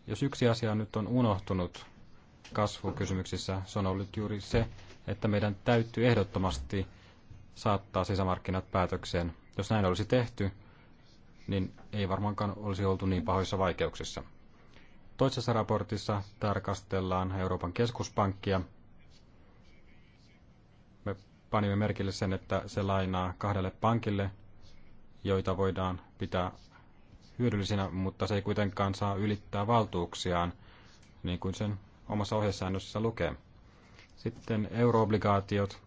Jos yksi asia nyt on unohtunut kasvukysymyksissä, se on ollut juuri se, että meidän täytyy ehdottomasti saattaa sisämarkkinat päätökseen. Jos näin olisi tehty, niin ei varmaankaan olisi oltu niin pahoissa vaikeuksissa. Toisessa raportissa tarkastellaan Euroopan keskuspankkia. Me panimme merkille sen, että se lainaa kahdelle pankille, joita voidaan pitää hyödyllisinä, mutta se ei kuitenkaan saa ylittää valtuuksiaan, niin kuin sen omassa ohjesäännössä lukee. Sitten euroobligaatiot.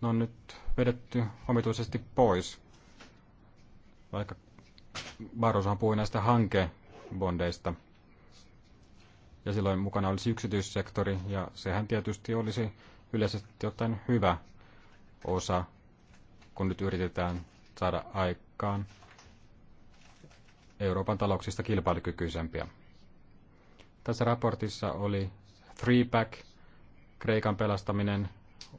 Ne on nyt vedetty omituisesti pois, vaikka Barrosohan puhui näistä hankebondeista. Ja silloin mukana olisi yksityissektori, ja sehän tietysti olisi yleisesti ottaen hyvä osa, kun nyt yritetään saada aikaan Euroopan talouksista kilpailukykyisempiä. Tässä raportissa oli three-pack Kreikan pelastaminen,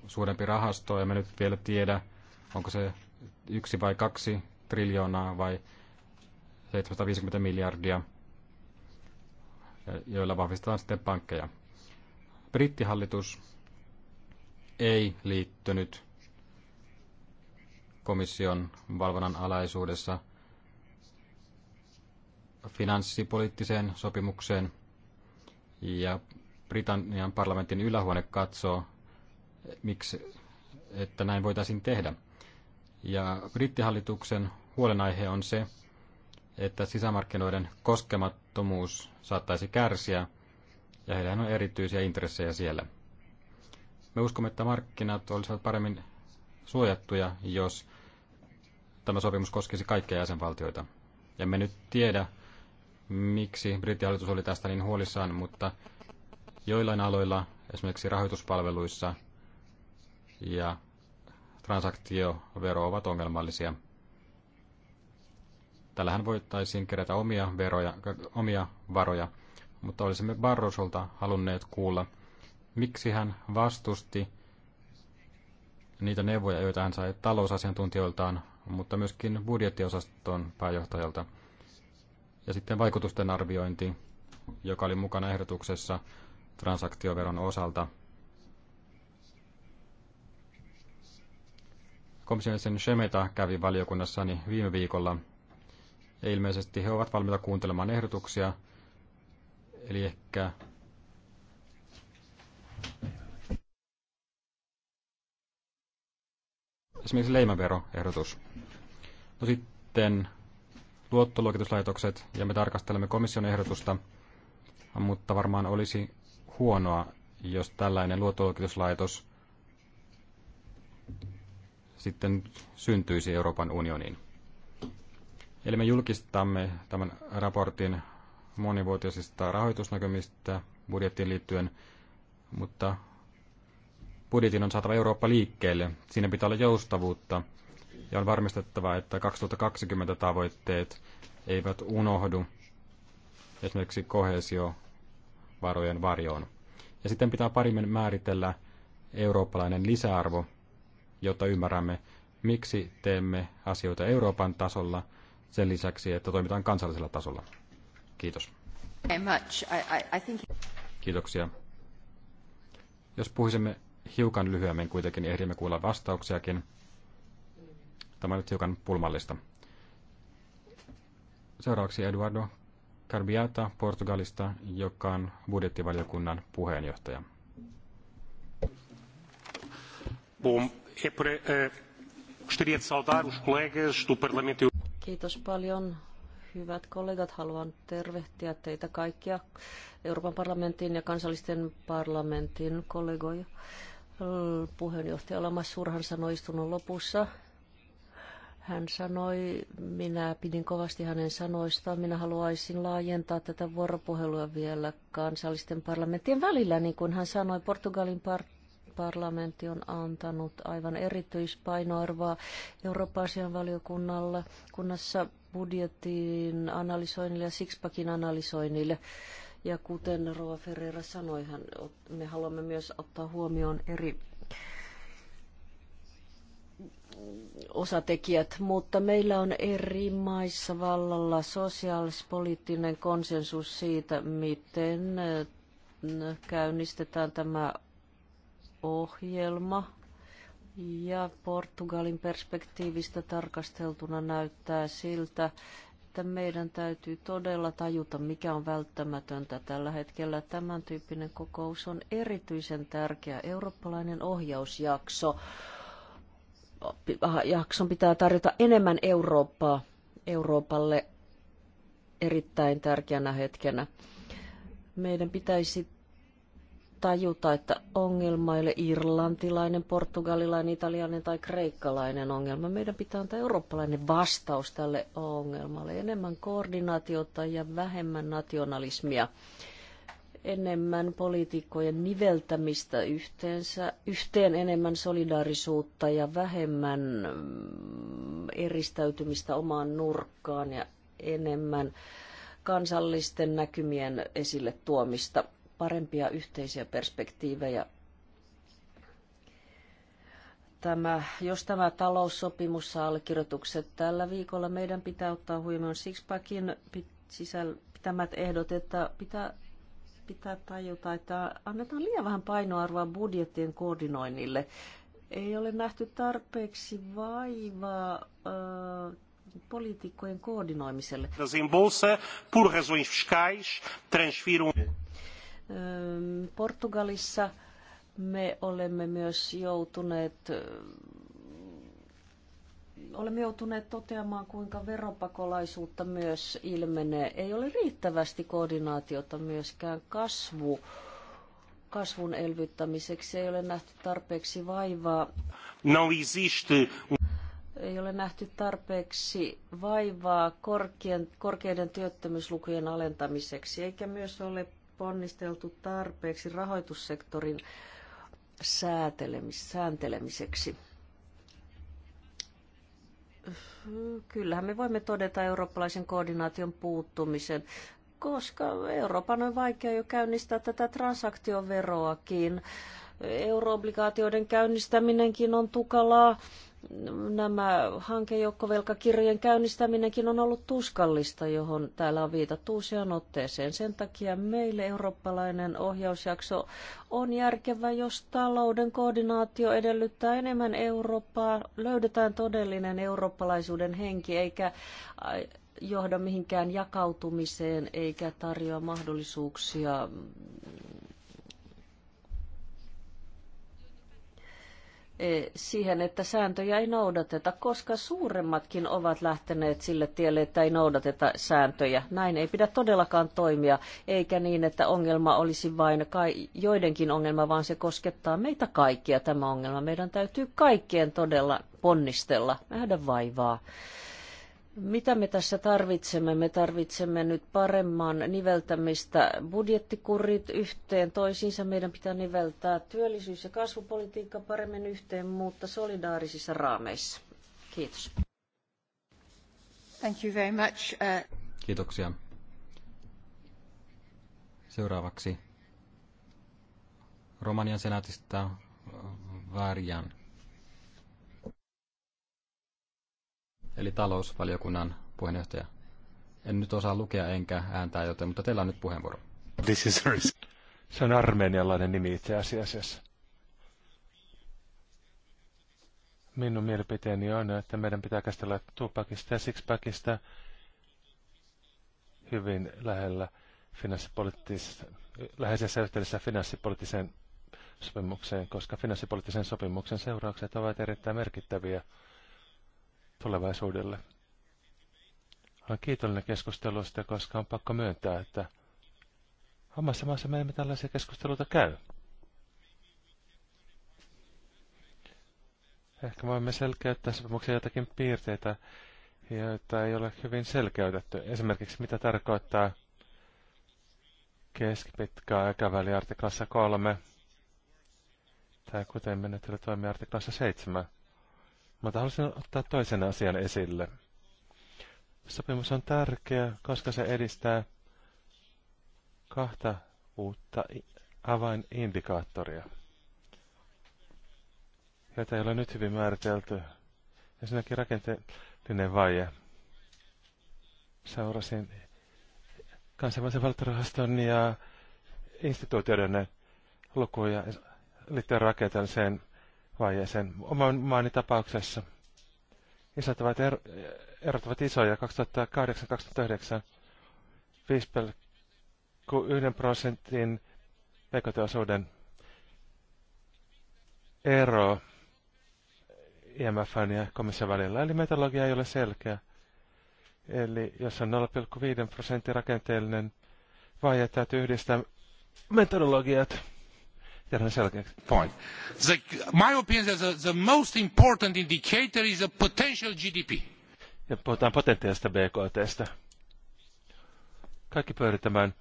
suurempi rahasto, ja me nyt vielä tiedä, onko se yksi vai kaksi triljoonaa vai 750 miljardia, joilla vahvistetaan sitten pankkeja. Brittihallitus ei liittynyt komission valvonnan alaisuudessa finanssipoliittiseen sopimukseen ja Britannian parlamentin ylähuone katsoo, miksi, että näin voitaisiin tehdä. Ja brittihallituksen huolenaihe on se, että sisämarkkinoiden koskemattomuus saattaisi kärsiä, ja heillä on erityisiä intressejä siellä. Me uskomme, että markkinat olisivat paremmin suojattuja, jos tämä sopimus koskisi kaikkia jäsenvaltioita. Emme nyt tiedä, miksi brittihallitus oli tästä niin huolissaan, mutta joillain aloilla, esimerkiksi rahoituspalveluissa ja transaktiovero ovat ongelmallisia. Tällähän voitaisiin kerätä omia, veroja, omia varoja, mutta olisimme Barrosolta halunneet kuulla, miksi hän vastusti niitä neuvoja, joita hän sai talousasiantuntijoiltaan, mutta myöskin budjettiosaston pääjohtajalta. Ja sitten vaikutusten arviointi, joka oli mukana ehdotuksessa transaktioveron osalta. Komission Shemeta kävi valiokunnassani viime viikolla ja ilmeisesti he ovat valmiita kuuntelemaan ehdotuksia. Eli ehkä esimerkiksi leimäveroehdotus. No sitten luottoluokituslaitokset ja me tarkastelemme komission ehdotusta, mutta varmaan olisi huonoa, jos tällainen luottoluokituslaitos sitten syntyisi Euroopan unioniin. Eli me julkistamme tämän raportin monivuotisista rahoitusnäkymistä budjettiin liittyen, mutta budjetin on saatava Eurooppa liikkeelle. Siinä pitää olla joustavuutta ja on varmistettava, että 2020 tavoitteet eivät unohdu. Esimerkiksi kohesio varojen varjoon. Ja sitten pitää parimmin määritellä eurooppalainen lisäarvo, jotta ymmärrämme, miksi teemme asioita Euroopan tasolla sen lisäksi, että toimitaan kansallisella tasolla. Kiitos. Kiitoksia. Jos puhuisimme hiukan lyhyemmin kuitenkin, ehdimme kuulla vastauksiakin. Tämä on nyt hiukan pulmallista. Seuraavaksi Eduardo Carbiata Portugalista, joka on budjettivaliokunnan puheenjohtaja. Bom, é por, eh, gostaria de saudar os colegas do Parlamento Kiitos paljon. Hyvät kollegat, haluan tervehtiä teitä kaikkia Euroopan parlamentin ja kansallisten parlamentin kollegoja. Puheenjohtaja Lamas Surhan sanoi istunnon lopussa, hän sanoi, minä pidin kovasti hänen sanoistaan, minä haluaisin laajentaa tätä vuoropuhelua vielä kansallisten parlamenttien välillä, niin kuin hän sanoi, Portugalin par- parlamentti on antanut aivan erityispainoarvoa Euroopan valiokunnalla kunnassa budjetin analysoinnille ja Sixpackin analysoinnille. Ja kuten Rova Ferreira sanoi, hän, me haluamme myös ottaa huomioon eri osatekijät, mutta meillä on eri maissa vallalla sosiaalispoliittinen konsensus siitä, miten äh, käynnistetään tämä ohjelma. Ja Portugalin perspektiivistä tarkasteltuna näyttää siltä, että meidän täytyy todella tajuta, mikä on välttämätöntä tällä hetkellä. Tämän tyyppinen kokous on erityisen tärkeä eurooppalainen ohjausjakso jakson pitää tarjota enemmän Eurooppaa Euroopalle erittäin tärkeänä hetkenä. Meidän pitäisi tajuta, että ongelma ei ole irlantilainen, portugalilainen, italialainen tai kreikkalainen ongelma. Meidän pitää antaa eurooppalainen vastaus tälle ongelmalle. Enemmän koordinaatiota ja vähemmän nationalismia enemmän poliitikkojen niveltämistä yhteensä, yhteen enemmän solidaarisuutta ja vähemmän mm, eristäytymistä omaan nurkkaan ja enemmän kansallisten näkymien esille tuomista, parempia yhteisiä perspektiivejä tämä, jos tämä taloussopimus saa allekirjoitukset tällä viikolla, meidän pitää ottaa huomioon Sixpackin pitämät ehdot, että pitää pitää tajuta, että annetaan liian vähän painoarvoa budjettien koordinoinnille. Ei ole nähty tarpeeksi vaivaa äh, poliitikkojen koordinoimiselle. Äh, Portugalissa me olemme myös joutuneet äh, olemme joutuneet toteamaan, kuinka veropakolaisuutta myös ilmenee. Ei ole riittävästi koordinaatiota myöskään kasvu, kasvun elvyttämiseksi. Ei ole nähty tarpeeksi vaivaa. No existe. Um- Ei ole nähty tarpeeksi vaivaa korkean, korkeiden työttömyyslukujen alentamiseksi, eikä myös ole ponnisteltu tarpeeksi rahoitussektorin sääntelemiseksi kyllähän me voimme todeta eurooppalaisen koordinaation puuttumisen, koska Euroopan on vaikea jo käynnistää tätä transaktioveroakin. Euroobligaatioiden käynnistäminenkin on tukalaa nämä hankejoukkovelkakirjojen käynnistäminenkin on ollut tuskallista, johon täällä on viitattu useaan otteeseen. Sen takia meille eurooppalainen ohjausjakso on järkevä, jos talouden koordinaatio edellyttää enemmän Eurooppaa. Löydetään todellinen eurooppalaisuuden henki, eikä johda mihinkään jakautumiseen, eikä tarjoa mahdollisuuksia E, siihen, että sääntöjä ei noudateta, koska suuremmatkin ovat lähteneet sille tielle, että ei noudateta sääntöjä. Näin ei pidä todellakaan toimia, eikä niin, että ongelma olisi vain joidenkin ongelma, vaan se koskettaa meitä kaikkia tämä ongelma. Meidän täytyy kaikkien todella ponnistella, nähdä vaivaa. Mitä me tässä tarvitsemme? Me tarvitsemme nyt paremman niveltämistä budjettikurit yhteen toisiinsa. Meidän pitää niveltää työllisyys- ja kasvupolitiikka paremmin yhteen, mutta solidaarisissa raameissa. Kiitos. Thank you very much. Uh, Kiitoksia. Seuraavaksi Romanian senaatista Varjan. eli talousvaliokunnan puheenjohtaja. En nyt osaa lukea enkä ääntää, joten, mutta teillä on nyt puheenvuoro. This is Se on armenialainen nimi itse asiassa. Minun mielipiteeni on, että meidän pitää käsitellä tupakista ja sixpackista hyvin lähellä finanssipoliittisessa, läheisessä yhteydessä finanssipoliittiseen sopimukseen, koska finanssipoliittisen sopimuksen seuraukset ovat erittäin merkittäviä tulevaisuudelle. Olen kiitollinen keskustelusta, koska on pakko myöntää, että omassa maassa me emme tällaisia keskusteluita käy. Ehkä voimme selkeyttää sopimuksia jotakin piirteitä, joita ei ole hyvin selkeytetty. Esimerkiksi mitä tarkoittaa keskipitkä aikaväli artiklassa 3 tai kuten menettelytoimi artiklassa 7. Mutta haluaisin ottaa toisen asian esille. Sopimus on tärkeä, koska se edistää kahta uutta avainindikaattoria, joita ei ole nyt hyvin määritelty. Ensinnäkin rakenteellinen vaje. Seurasin kansainvälisen valtarahaston ja instituutioiden lukuja liittyen rakenteelliseen vaiheeseen. Oman maani tapauksessa isät ovat er, erot ovat isoja 2008-2009 5,1 prosentin vekoteosuuden ero IMFn ja komission välillä. Eli metodologia ei ole selkeä. Eli jos on 0,5 prosentin rakenteellinen vaihe, täytyy yhdistää metodologiat tehdään selkeäksi. Point. The, my opinion is the, the most important indicator is the potential GDP. Ja puhutaan potentiaalista BKTstä. Kaikki pyörittämään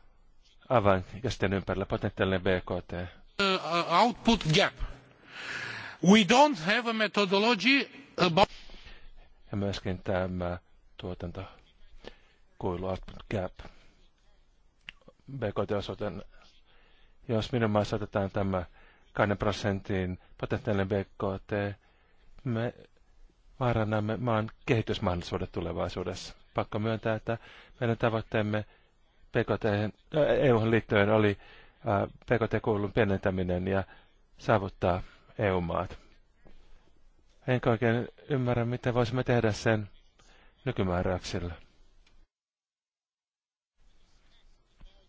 avain ja ympärillä potentiaalinen BKT. Uh, output gap. We don't have a methodology about... Ja myöskin tämä tuotantokuilu output gap. BKT-osuuteen jos minun maassa otetaan tämä 2 prosentin potentiaalinen BKT, me vaarannamme maan kehitysmahdollisuudet tulevaisuudessa. Pakko myöntää, että meidän tavoitteemme PKT, äh, eu liittyen oli PKT-kuulun äh, pienentäminen ja saavuttaa EU-maat. Enkä oikein ymmärrä, mitä voisimme tehdä sen nykymääräyksillä.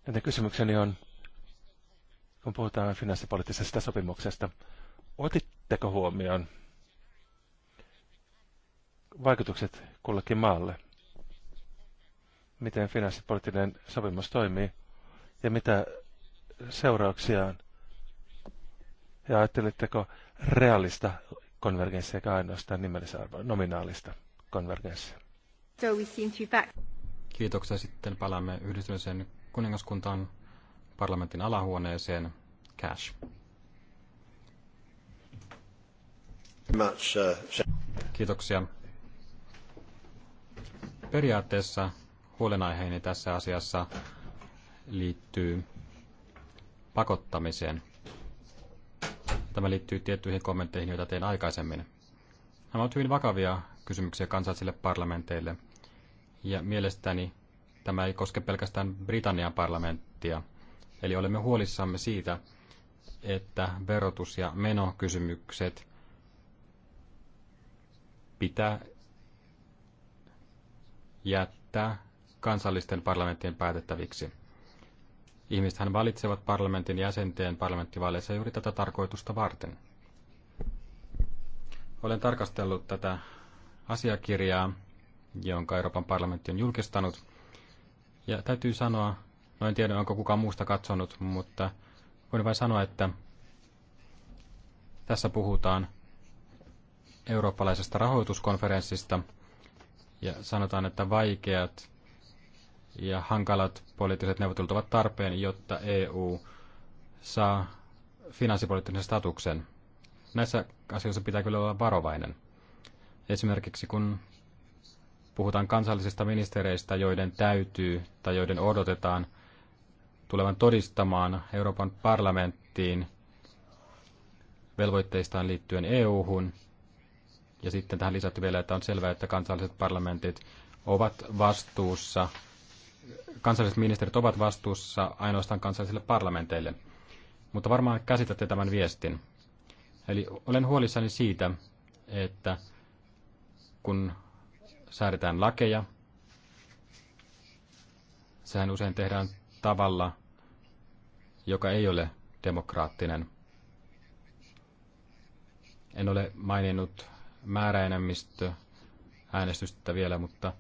Joten kysymykseni on, kun puhutaan finanssipoliittisesta sopimuksesta. Otitteko huomioon vaikutukset kullekin maalle? Miten finanssipoliittinen sopimus toimii ja mitä seurauksia on? Ja ajattelitteko realista konvergenssia eikä ainoastaan nimellisarvoa, nominaalista konvergenssia? So we seem to be back. Kiitoksia. Sitten palaamme yhdistyneeseen kuningaskuntaan parlamentin alahuoneeseen. Cash. Kiitoksia. Periaatteessa huolenaiheeni tässä asiassa liittyy pakottamiseen. Tämä liittyy tiettyihin kommentteihin, joita tein aikaisemmin. Nämä ovat hyvin vakavia kysymyksiä kansallisille parlamenteille, ja mielestäni tämä ei koske pelkästään Britannian parlamenttia, Eli olemme huolissamme siitä, että verotus- ja menokysymykset pitää jättää kansallisten parlamenttien päätettäviksi. Ihmisethän valitsevat parlamentin jäsenteen parlamenttivaaleissa juuri tätä tarkoitusta varten. Olen tarkastellut tätä asiakirjaa, jonka Euroopan parlamentti on julkistanut, ja täytyy sanoa, No en tiedä, onko kukaan muusta katsonut, mutta voin vain sanoa, että tässä puhutaan eurooppalaisesta rahoituskonferenssista ja sanotaan, että vaikeat ja hankalat poliittiset neuvottelut ovat tarpeen, jotta EU saa finanssipoliittisen statuksen. Näissä asioissa pitää kyllä olla varovainen. Esimerkiksi kun puhutaan kansallisista ministereistä, joiden täytyy tai joiden odotetaan – tulevan todistamaan Euroopan parlamenttiin velvoitteistaan liittyen EU-hun. Ja sitten tähän lisätty vielä, että on selvää, että kansalliset parlamentit ovat vastuussa, kansalliset ministerit ovat vastuussa ainoastaan kansallisille parlamenteille. Mutta varmaan käsitätte tämän viestin. Eli olen huolissani siitä, että kun säädetään lakeja, sehän usein tehdään tavalla, joka ei ole demokraattinen. En ole maininnut määräenemmistö äänestystä vielä, mutta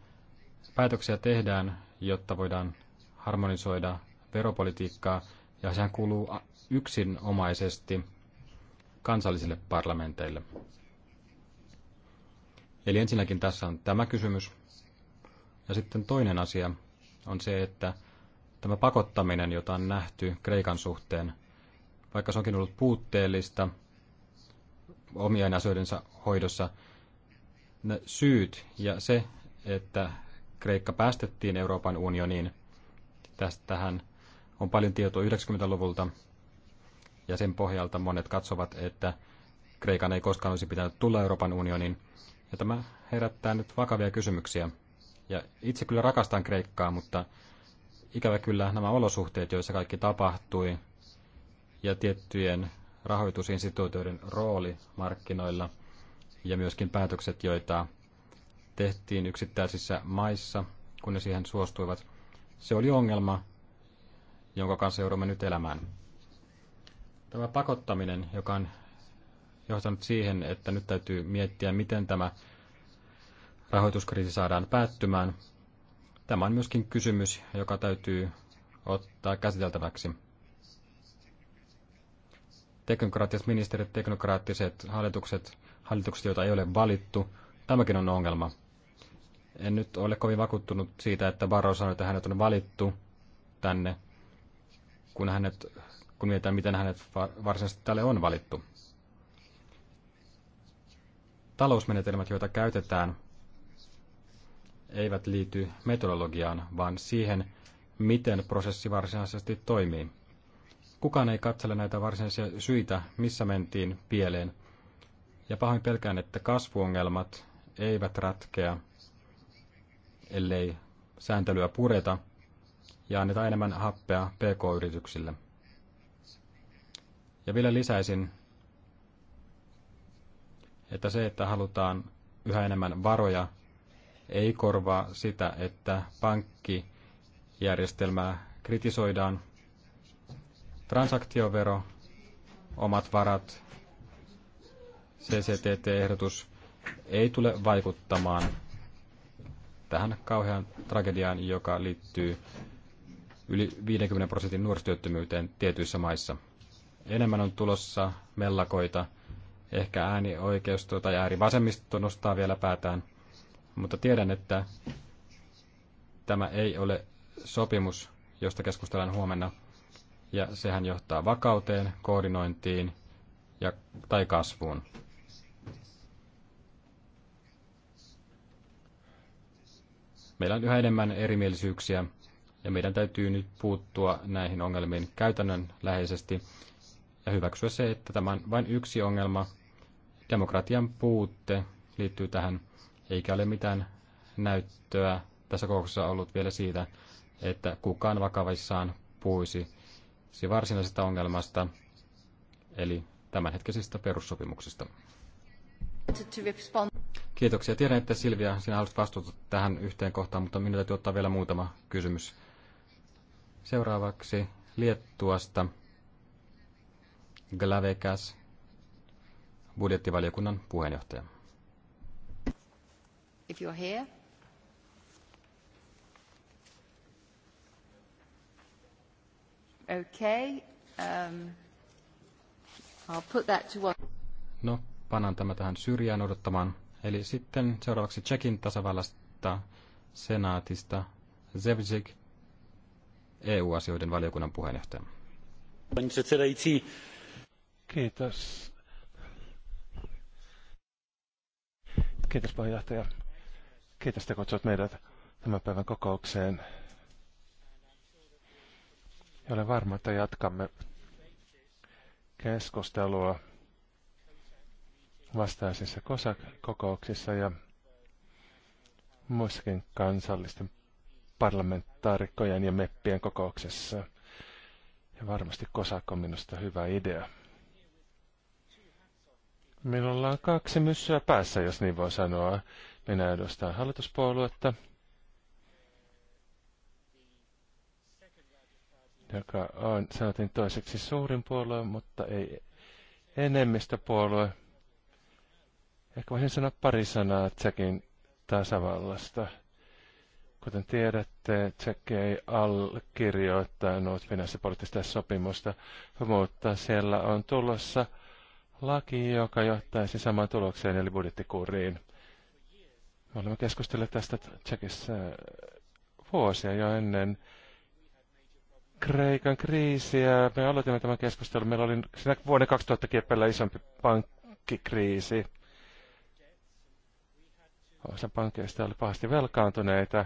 päätöksiä tehdään, jotta voidaan harmonisoida veropolitiikkaa, ja sehän kuuluu yksinomaisesti kansallisille parlamenteille. Eli ensinnäkin tässä on tämä kysymys. Ja sitten toinen asia on se, että Tämä pakottaminen, jota on nähty Kreikan suhteen, vaikka se onkin ollut puutteellista omien asioidensa hoidossa, ne syyt ja se, että Kreikka päästettiin Euroopan unioniin, tästähän on paljon tietoa 90-luvulta, ja sen pohjalta monet katsovat, että Kreikan ei koskaan olisi pitänyt tulla Euroopan unioniin. Ja tämä herättää nyt vakavia kysymyksiä. Ja itse kyllä rakastan Kreikkaa, mutta ikävä kyllä nämä olosuhteet, joissa kaikki tapahtui, ja tiettyjen rahoitusinstituutioiden rooli markkinoilla, ja myöskin päätökset, joita tehtiin yksittäisissä maissa, kun ne siihen suostuivat, se oli ongelma, jonka kanssa joudumme nyt elämään. Tämä pakottaminen, joka on johtanut siihen, että nyt täytyy miettiä, miten tämä rahoituskriisi saadaan päättymään, Tämä on myöskin kysymys, joka täytyy ottaa käsiteltäväksi. Teknokraattiset ministerit, teknokraattiset hallitukset, hallitukset, joita ei ole valittu, tämäkin on ongelma. En nyt ole kovin vakuuttunut siitä, että Barro sanoi, että hänet on valittu tänne, kun, hänet, kun mietitään, miten hänet varsinaisesti tälle on valittu. Talousmenetelmät, joita käytetään, eivät liity metodologiaan, vaan siihen, miten prosessi varsinaisesti toimii. Kukaan ei katsele näitä varsinaisia syitä, missä mentiin pieleen, ja pahoin pelkään, että kasvuongelmat eivät ratkea, ellei sääntelyä pureta ja anneta enemmän happea pk-yrityksille. Ja vielä lisäisin, että se, että halutaan yhä enemmän varoja ei korvaa sitä, että pankkijärjestelmää kritisoidaan. Transaktiovero, omat varat, CCTT-ehdotus ei tule vaikuttamaan tähän kauhean tragediaan, joka liittyy yli 50 prosentin nuorisotyöttömyyteen tietyissä maissa. Enemmän on tulossa mellakoita, ehkä äänioikeisto tai äärivasemmisto nostaa vielä päätään. Mutta tiedän, että tämä ei ole sopimus, josta keskustellaan huomenna, ja sehän johtaa vakauteen, koordinointiin ja, tai kasvuun. Meillä on yhä enemmän erimielisyyksiä ja meidän täytyy nyt puuttua näihin ongelmiin käytännön läheisesti ja hyväksyä se, että tämä on vain yksi ongelma. Demokratian puutte liittyy tähän eikä ole mitään näyttöä tässä kokouksessa ollut vielä siitä, että kukaan vakavissaan puhuisi varsinaisesta ongelmasta, eli tämänhetkisistä perussopimuksista. Kiitoksia. Tiedän, että Silvia, sinä haluaisit vastata tähän yhteen kohtaan, mutta minun täytyy ottaa vielä muutama kysymys. Seuraavaksi Liettuasta Glavekas, budjettivaliokunnan puheenjohtaja if you're here. Okay. Um, I'll put that to one. No, panan tämä tähän syrjään odottamaan. Eli sitten seuraavaksi Tsekin tasavallasta, senaatista, Zevzik, EU-asioiden valiokunnan puheenjohtaja. Kiitos. Kiitos puheenjohtaja. Kiitos, että kutsut meidät tämän päivän kokoukseen. Ja olen varma, että jatkamme keskustelua vastaisissa COSAC-kokouksissa ja muissakin kansallisten parlamentaarikkojen ja meppien kokouksessa. Ja varmasti kosak on minusta hyvä idea. Minulla on kaksi myssyä päässä, jos niin voi sanoa. Minä edustan hallituspuoluetta, joka on sanotin toiseksi suurin puolue, mutta ei enemmistöpuolue. Ehkä voisin sanoa pari sanaa Tsekin tasavallasta. Kuten tiedätte, Tsekki ei allekirjoittanut finanssipoliittista sopimusta, mutta siellä on tulossa laki, joka johtaisi samaan tulokseen eli budjettikuriin. Me olemme keskustelleet tästä Tsekissä vuosia jo ennen Kreikan kriisiä. Me aloitimme tämän keskustelun. Meillä oli siinä vuoden 2000 kieppeillä isompi pankkikriisi. Osa pankkeista oli pahasti velkaantuneita.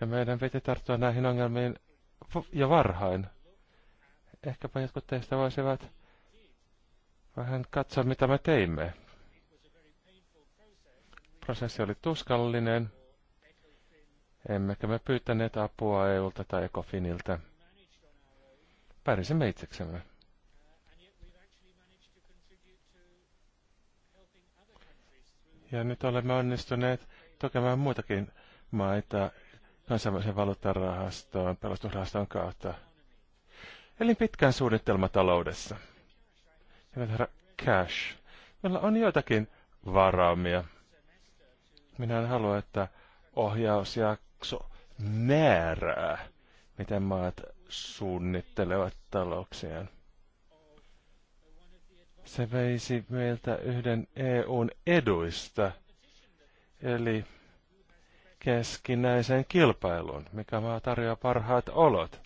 Ja meidän piti tarttua näihin ongelmiin jo varhain. Ehkäpä jotkut teistä voisivat vähän katsoa, mitä me teimme. Prosessi oli tuskallinen, emmekä me pyytäneet apua EUlta tai Ecofiniltä. Pärisimme itseksemme. Ja nyt olemme onnistuneet tukemaan muitakin maita kansainvälisen valuuttarahastoon, pelastusrahaston kautta. Eli pitkään taloudessa. Ja Cash, meillä on joitakin varaumia. Minä en halua, että ohjausjakso määrää, miten maat suunnittelevat talouksiaan. Se veisi meiltä yhden EUn eduista, eli keskinäisen kilpailun, mikä maa tarjoaa parhaat olot.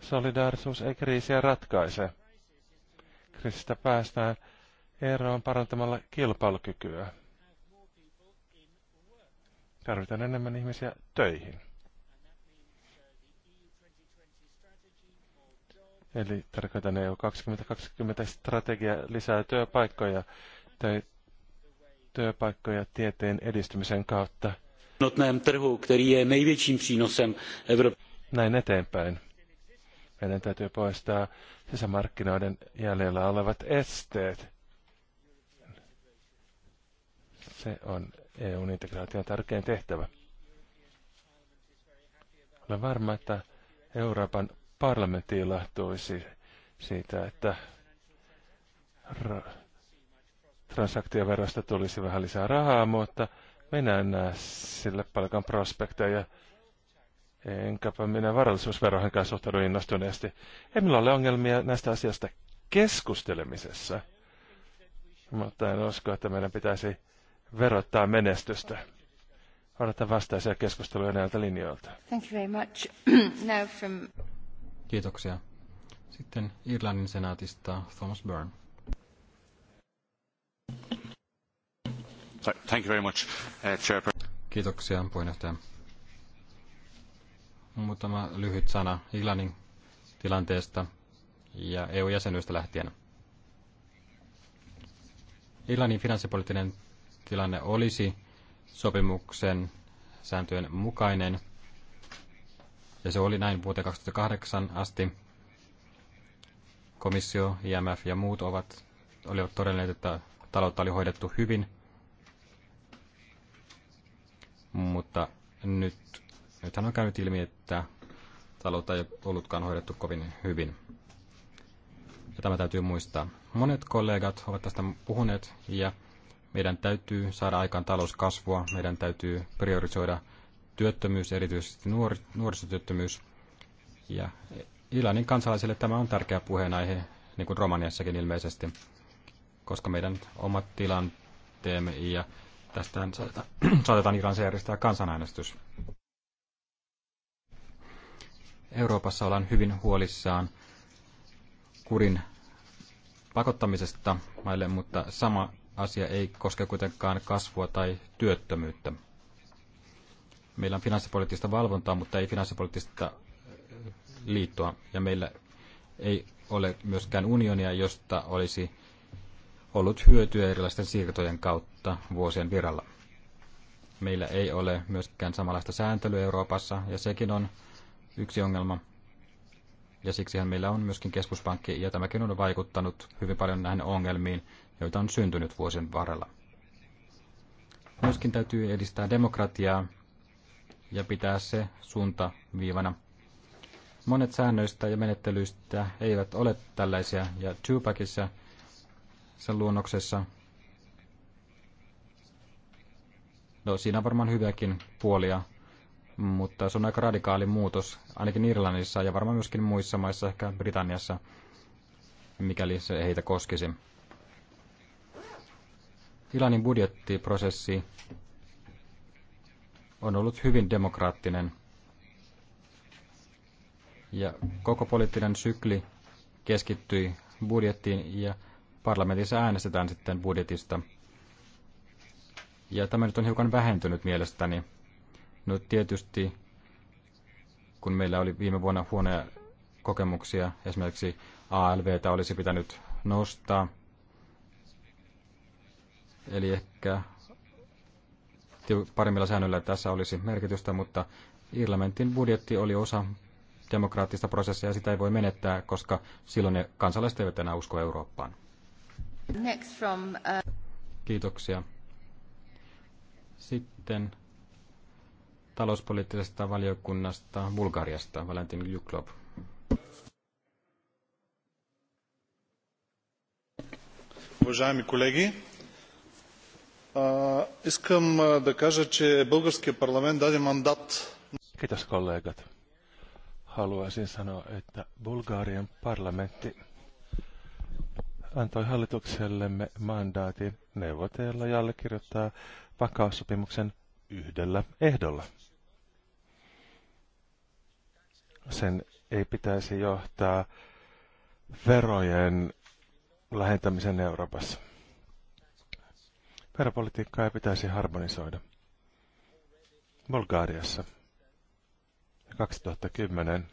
Solidaarisuus ei kriisiä ratkaise. Kriisistä päästään eroon parantamalla kilpailukykyä. Tarvitaan enemmän ihmisiä töihin. Eli tarkoitan EU 2020 strategia lisää työpaikkoja tai työpaikkoja tieteen edistymisen kautta. trhu, Näin eteenpäin. Meidän täytyy poistaa sisämarkkinoiden jäljellä olevat esteet. Se on EUn integraation tärkein tehtävä. Olen varma, että Euroopan parlamentti ilahtuisi siitä, että transaktioverosta tulisi vähän lisää rahaa, mutta minä en näe sille palkan prospekteja. Enkäpä minä kanssa suhtaudu innostuneesti. Ei minulla ole ongelmia näistä asioista keskustelemisessa, mutta en usko, että meidän pitäisi verottaa menestystä. Odotan vastaisia keskusteluja näiltä linjoilta. Thank you very much. Now from... Kiitoksia. Sitten Irlannin senaatista Thomas Byrne. Thank you very much, uh, Kiitoksia puheenjohtaja. Muutama lyhyt sana Irlannin tilanteesta ja eu jäsenyystä lähtien. Irlannin finanssipoliittinen tilanne olisi sopimuksen sääntöjen mukainen, ja se oli näin vuoteen 2008 asti. Komissio, IMF ja muut ovat, olivat todenneet, että taloutta oli hoidettu hyvin, mutta nyt, nythän on käynyt ilmi, että taloutta ei ollutkaan hoidettu kovin hyvin. Ja tämä täytyy muistaa. Monet kollegat ovat tästä puhuneet ja meidän täytyy saada aikaan talouskasvua, meidän täytyy priorisoida työttömyys, erityisesti nuori, nuorisotyöttömyys. Ja Irlannin kansalaisille tämä on tärkeä puheenaihe, niin kuin Romaniassakin ilmeisesti, koska meidän omat tilanteemme ja tästä saatetaan Irlannissa järjestää kansanäänestys. Euroopassa ollaan hyvin huolissaan kurin pakottamisesta maille, mutta sama asia ei koske kuitenkaan kasvua tai työttömyyttä. Meillä on finanssipoliittista valvontaa, mutta ei finanssipoliittista eh, liittoa, ja meillä ei ole myöskään unionia, josta olisi ollut hyötyä erilaisten siirtojen kautta vuosien viralla. Meillä ei ole myöskään samanlaista sääntelyä Euroopassa, ja sekin on yksi ongelma. Ja siksihän meillä on myöskin keskuspankki, ja tämäkin on vaikuttanut hyvin paljon näihin ongelmiin, joita on syntynyt vuosien varrella. Myöskin täytyy edistää demokratiaa ja pitää se suunta viivana. Monet säännöistä ja menettelyistä eivät ole tällaisia, ja Tupacissa sen luonnoksessa, no siinä on varmaan hyviäkin puolia, mutta se on aika radikaali muutos, ainakin Irlannissa ja varmaan myöskin muissa maissa, ehkä Britanniassa, mikäli se heitä koskisi. Ilanin budjettiprosessi on ollut hyvin demokraattinen. Ja koko poliittinen sykli keskittyi budjettiin ja parlamentissa äänestetään sitten budjetista. Ja tämä nyt on hiukan vähentynyt mielestäni. No tietysti, kun meillä oli viime vuonna huonoja kokemuksia, esimerkiksi ALVtä olisi pitänyt nostaa, Eli ehkä paremmilla säännöillä tässä olisi merkitystä, mutta Irlamentin budjetti oli osa demokraattista prosessia ja sitä ei voi menettää, koska silloin ne kansalaiset eivät enää usko Eurooppaan. Next from, uh... Kiitoksia. Sitten talouspoliittisesta valiokunnasta Bulgariasta, Valentin Juklov. Уважаеми колеги, Искам да кажа, че парламент даде мандат. Kiitos kollegat. Haluaisin sanoa, että Bulgarian parlamentti antoi hallituksellemme mandaatin neuvotella ja allekirjoittaa vakaussopimuksen yhdellä ehdolla. Sen ei pitäisi johtaa verojen lähentämisen Euroopassa. Veropolitiikkaa ei pitäisi harmonisoida. Bulgaariassa 2010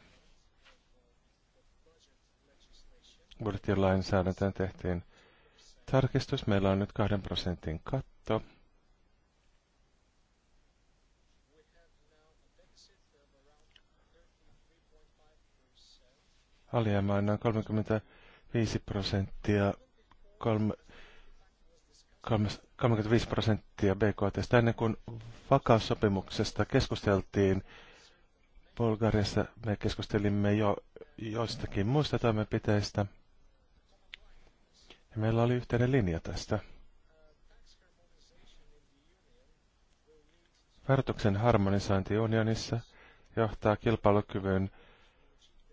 budjettilainsäädäntöön tehtiin tarkistus. Meillä on nyt kahden prosentin katto. Alijäämä on noin 35 prosenttia kolme, 35 prosenttia BKT. Ennen kuin vakaussopimuksesta keskusteltiin Bulgariassa, me keskustelimme jo joistakin muista toimenpiteistä. Ja meillä oli yhteinen linja tästä. Verotuksen harmonisointi unionissa johtaa kilpailukyvyn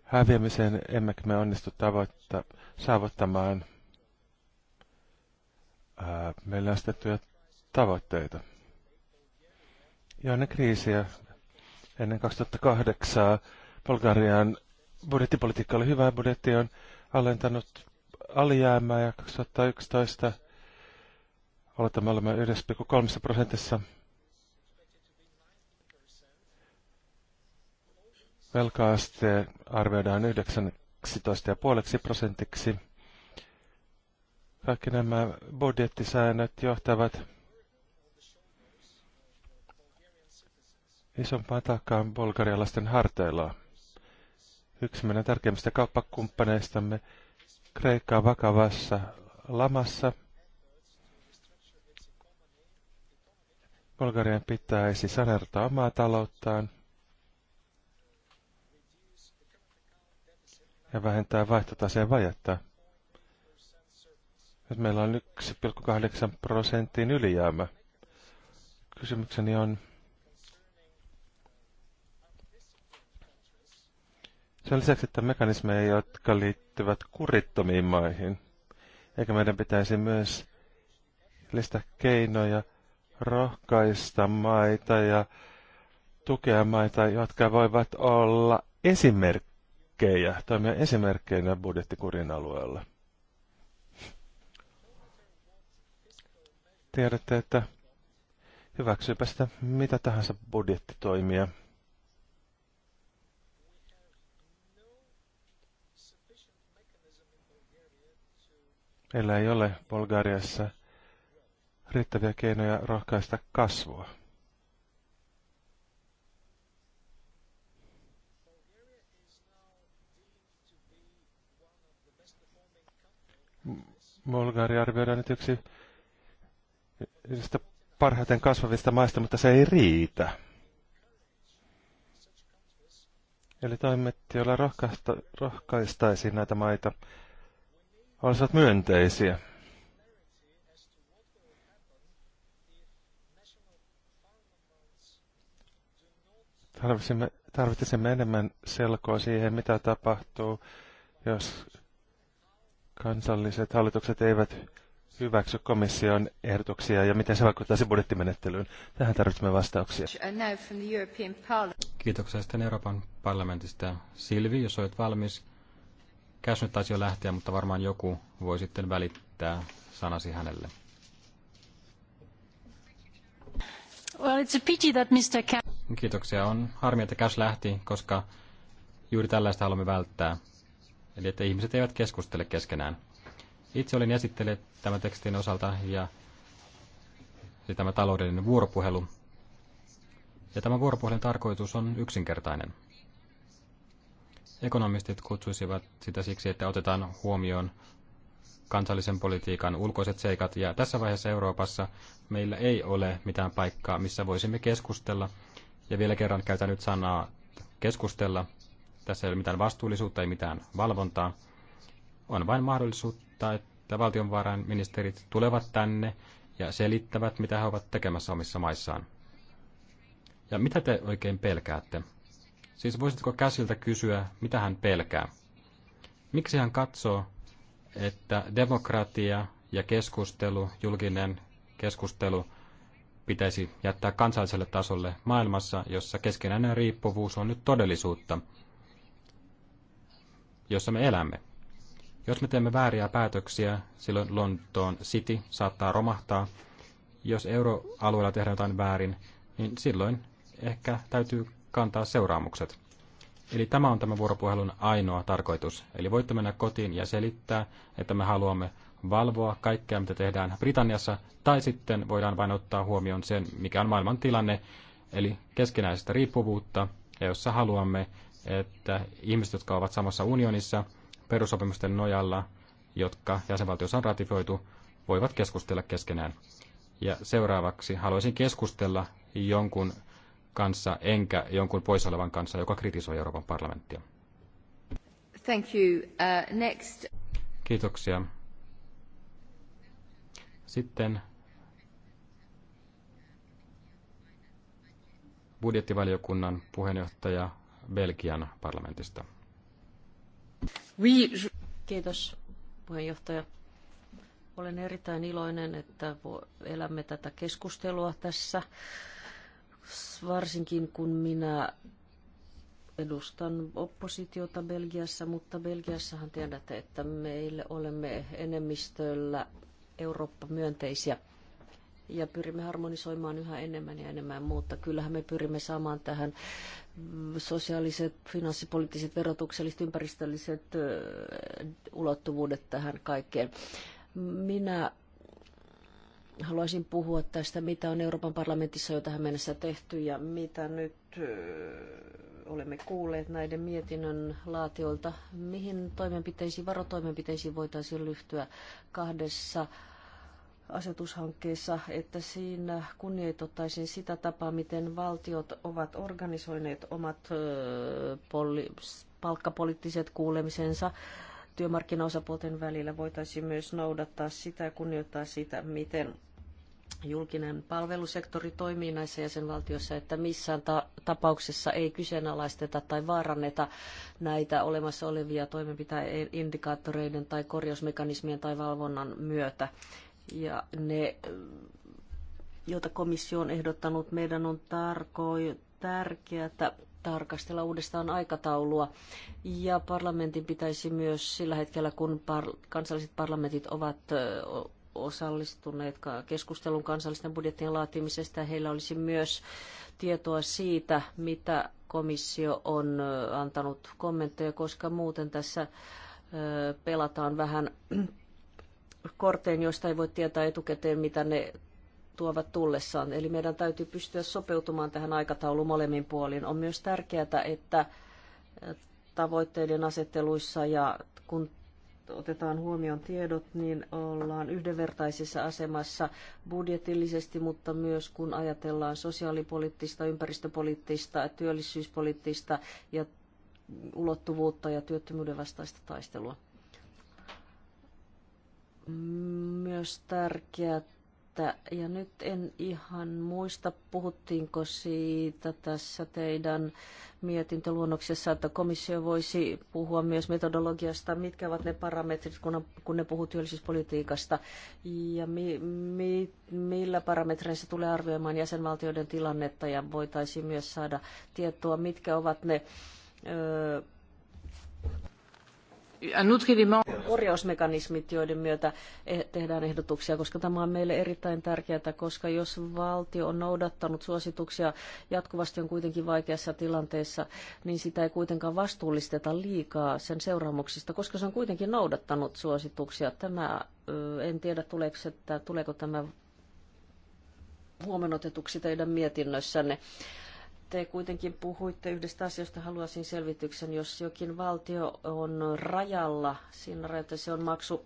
häviämiseen, emmekä me onnistu tavoitta, saavuttamaan ää, meillä asetettuja tavoitteita. Ja ennen kriisiä, ennen 2008, Bulgarian budjettipolitiikka oli hyvä. Budjetti on alentanut alijäämää ja 2011 oletamme olemme 1,3 prosentissa. Velkaaste arvioidaan 19,5 prosentiksi vaikka nämä budjettisäännöt johtavat isompaan taakkaan bulgarialaisten harteilla. Yksi meidän tärkeimmistä kauppakumppaneistamme, Kreikka on vakavassa lamassa. Bulgarian pitäisi sanertaa omaa talouttaan ja vähentää vaihtotaseen vajetta. Nyt meillä on 1,8 prosentin ylijäämä. Kysymykseni on, sen lisäksi, että mekanismeja, jotka liittyvät kurittomiin maihin, eikä meidän pitäisi myös listää keinoja rohkaista maita ja tukea maita, jotka voivat olla esimerkkejä, toimia esimerkkeinä budjettikurin alueella. tiedätte, että hyväksyypä sitä mitä tahansa budjettitoimia. Meillä ei ole Bulgariassa riittäviä keinoja rohkaista kasvua. Bulgaria arvioidaan nyt yksi yhdestä parhaiten kasvavista maista, mutta se ei riitä. Eli toimet, joilla rohkaista, rohkaistaisiin näitä maita, olisivat myönteisiä. Tarvitsimme tarvitsisimme enemmän selkoa siihen, mitä tapahtuu, jos kansalliset hallitukset eivät hyväksy komission ehdotuksia ja miten se vaikuttaisi budjettimenettelyyn? Tähän tarvitsemme vastauksia. Uh, Kiitoksia sitten Euroopan parlamentista. Silvi, jos olet valmis, käsin taisi jo lähteä, mutta varmaan joku voi sitten välittää sanasi hänelle. Well, it's a pity that Mr. Cash... Kiitoksia. On harmi, että Cash lähti, koska juuri tällaista haluamme välttää. Eli että ihmiset eivät keskustele keskenään. Itse olin esittelijä tämän tekstin osalta ja tämä taloudellinen vuoropuhelu. Ja tämän vuoropuhelun tarkoitus on yksinkertainen. Ekonomistit kutsuisivat sitä siksi, että otetaan huomioon kansallisen politiikan ulkoiset seikat, ja tässä vaiheessa Euroopassa meillä ei ole mitään paikkaa, missä voisimme keskustella, ja vielä kerran käytän nyt sanaa keskustella. Tässä ei ole mitään vastuullisuutta, ei mitään valvontaa. On vain mahdollisuus odottaa, että valtionvarainministerit tulevat tänne ja selittävät, mitä he ovat tekemässä omissa maissaan. Ja mitä te oikein pelkäätte? Siis voisitko käsiltä kysyä, mitä hän pelkää? Miksi hän katsoo, että demokratia ja keskustelu, julkinen keskustelu, pitäisi jättää kansalliselle tasolle maailmassa, jossa keskinäinen riippuvuus on nyt todellisuutta, jossa me elämme? Jos me teemme vääriä päätöksiä, silloin Lontoon City saattaa romahtaa. Jos euroalueella tehdään jotain väärin, niin silloin ehkä täytyy kantaa seuraamukset. Eli tämä on tämän vuoropuhelun ainoa tarkoitus. Eli voitte mennä kotiin ja selittää, että me haluamme valvoa kaikkea, mitä tehdään Britanniassa, tai sitten voidaan vain ottaa huomioon sen, mikä on maailman tilanne, eli keskinäisestä riippuvuutta, ja jossa haluamme, että ihmiset, jotka ovat samassa unionissa, perusopimusten nojalla, jotka jäsenvaltiossa on ratifioitu, voivat keskustella keskenään. Ja seuraavaksi haluaisin keskustella jonkun kanssa, enkä jonkun poissa olevan kanssa, joka kritisoi Euroopan parlamenttia. Thank you. Uh, next. Kiitoksia. Sitten budjettivaliokunnan puheenjohtaja Belgian parlamentista. Kiitos puheenjohtaja. Olen erittäin iloinen, että elämme tätä keskustelua tässä, varsinkin kun minä edustan oppositiota Belgiassa, mutta Belgiassahan tiedätte, että meille olemme enemmistöllä Eurooppa-myönteisiä ja pyrimme harmonisoimaan yhä enemmän ja enemmän, mutta kyllähän me pyrimme saamaan tähän mm, sosiaaliset, finanssipoliittiset, verotukselliset, ympäristölliset ulottuvuudet tähän kaikkeen. Minä haluaisin puhua tästä, mitä on Euroopan parlamentissa jo tähän mennessä tehty ja mitä nyt olemme kuulleet näiden mietinnön laatiolta. Mihin toimenpiteisiin, varotoimenpiteisiin voitaisiin lyhtyä kahdessa asetushankkeessa, että siinä kunnioitettaisiin sitä tapaa, miten valtiot ovat organisoineet omat palkkapoliittiset kuulemisensa työmarkkinaosapuolten välillä. Voitaisiin myös noudattaa sitä ja kunnioittaa sitä, miten julkinen palvelusektori toimii näissä jäsenvaltioissa, että missään ta tapauksessa ei kyseenalaisteta tai vaaranneta näitä olemassa olevia toimenpiteiden indikaattoreiden tai korjausmekanismien tai valvonnan myötä ja ne, joita komissio on ehdottanut, meidän on tarkoin tärkeää tarkastella uudestaan aikataulua. Ja parlamentin pitäisi myös sillä hetkellä, kun par- kansalliset parlamentit ovat osallistuneet keskustelun kansallisten budjettien laatimisesta, heillä olisi myös tietoa siitä, mitä komissio on antanut kommentteja, koska muuten tässä pelataan vähän Korteen joista ei voi tietää etukäteen, mitä ne tuovat tullessaan. Eli meidän täytyy pystyä sopeutumaan tähän aikatauluun molemmin puolin. On myös tärkeää, että tavoitteiden asetteluissa ja kun otetaan huomioon tiedot, niin ollaan yhdenvertaisessa asemassa budjetillisesti, mutta myös kun ajatellaan sosiaalipoliittista, ympäristöpoliittista, työllisyyspoliittista ja ulottuvuutta ja työttömyyden vastaista taistelua myös tärkeää, että ja nyt en ihan muista, puhuttiinko siitä tässä teidän mietintöluonnoksessa, että komissio voisi puhua myös metodologiasta, mitkä ovat ne parametrit, kun, kun ne puhuu työllisyyspolitiikasta, ja mi, mi, millä parametreissa tulee arvioimaan jäsenvaltioiden tilannetta, ja voitaisiin myös saada tietoa, mitkä ovat ne... Öö, korjausmekanismit, joiden myötä e- tehdään ehdotuksia, koska tämä on meille erittäin tärkeää, koska jos valtio on noudattanut suosituksia jatkuvasti on kuitenkin vaikeassa tilanteessa, niin sitä ei kuitenkaan vastuullisteta liikaa sen seuraamuksista, koska se on kuitenkin noudattanut suosituksia. Tämä, en tiedä tuleeko, että, tuleeko tämä huomenotetuksi teidän mietinnössänne te kuitenkin puhuitte yhdestä asiasta, haluaisin selvityksen, jos jokin valtio on rajalla, siinä rajoilla, se on maksu,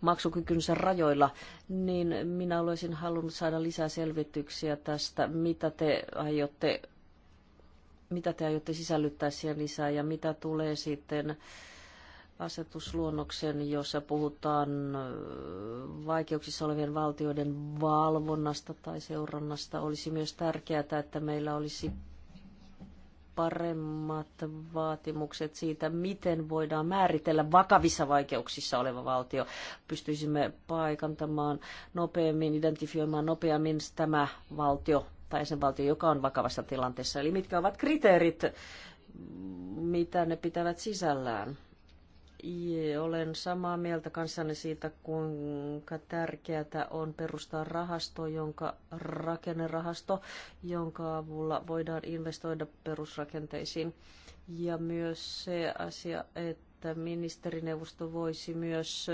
maksukykynsä rajoilla, niin minä olisin halunnut saada lisää selvityksiä tästä, mitä te aiotte, mitä te aiotte sisällyttää siihen lisää ja mitä tulee sitten asetusluonnoksen, jossa puhutaan vaikeuksissa olevien valtioiden valvonnasta tai seurannasta. Olisi myös tärkeää, että meillä olisi paremmat vaatimukset siitä, miten voidaan määritellä vakavissa vaikeuksissa oleva valtio. Pystyisimme paikantamaan nopeammin, identifioimaan nopeammin tämä valtio tai sen valtio, joka on vakavassa tilanteessa. Eli mitkä ovat kriteerit, mitä ne pitävät sisällään olen samaa mieltä kanssanne siitä, kuinka tärkeää on perustaa rahasto, jonka rakennerahasto, jonka avulla voidaan investoida perusrakenteisiin. Ja myös se asia, että ministerineuvosto voisi myös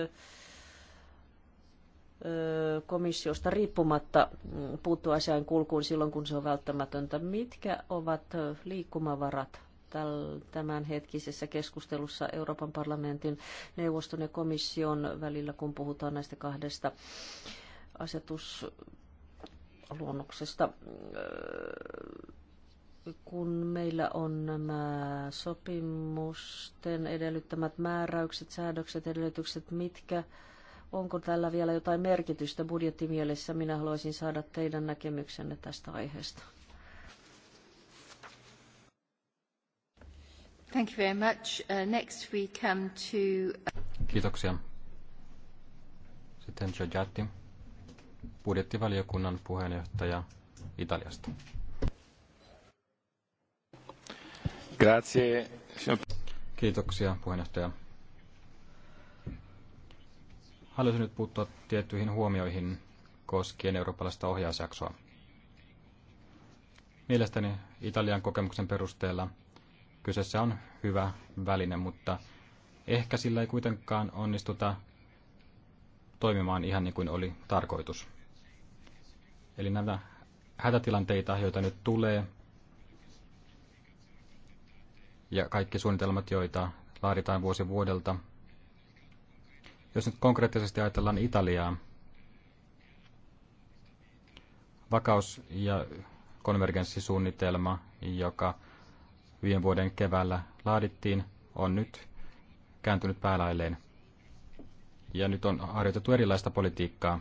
komissiosta riippumatta puuttua asian kulkuun silloin, kun se on välttämätöntä. Mitkä ovat liikkumavarat tämänhetkisessä keskustelussa Euroopan parlamentin neuvoston ja komission välillä, kun puhutaan näistä kahdesta asetusluonnoksesta. Kun meillä on nämä sopimusten edellyttämät määräykset, säädökset, edellytykset, mitkä onko tällä vielä jotain merkitystä budjettimielessä? Minä haluaisin saada teidän näkemyksenne tästä aiheesta. Thank you very much. Uh, next we come to... Uh, Kiitoksia. Sitten Giorgiatti, budjettivaliokunnan puheenjohtaja Italiasta. Grazie. Kiitoksia puheenjohtaja. Haluaisin nyt puuttua tiettyihin huomioihin koskien eurooppalaista ohjausjaksoa. Mielestäni Italian kokemuksen perusteella Kyseessä on hyvä väline, mutta ehkä sillä ei kuitenkaan onnistuta toimimaan ihan niin kuin oli tarkoitus. Eli nämä hätätilanteita, joita nyt tulee, ja kaikki suunnitelmat, joita laaditaan vuosi vuodelta. Jos nyt konkreettisesti ajatellaan Italiaa, vakaus- ja konvergenssisuunnitelma, joka viime vuoden keväällä laadittiin, on nyt kääntynyt päälailleen. Ja nyt on harjoitettu erilaista politiikkaa.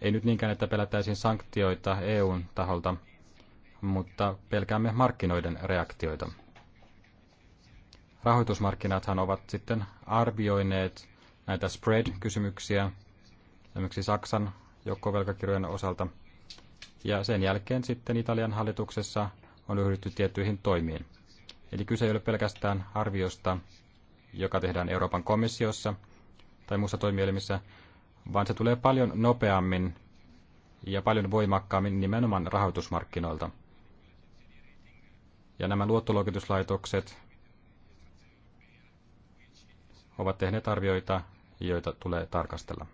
Ei nyt niinkään, että pelättäisiin sanktioita EUn taholta, mutta pelkäämme markkinoiden reaktioita. Rahoitusmarkkinathan ovat sitten arvioineet näitä spread-kysymyksiä, esimerkiksi Saksan joukkovelkakirjojen osalta. Ja sen jälkeen sitten Italian hallituksessa on ryhdytty tiettyihin toimiin. Eli kyse ei ole pelkästään arviosta, joka tehdään Euroopan komissiossa tai muussa toimielimissä, vaan se tulee paljon nopeammin ja paljon voimakkaammin nimenomaan rahoitusmarkkinoilta. Ja nämä luottoluokituslaitokset ovat tehneet arvioita, joita tulee tarkastella.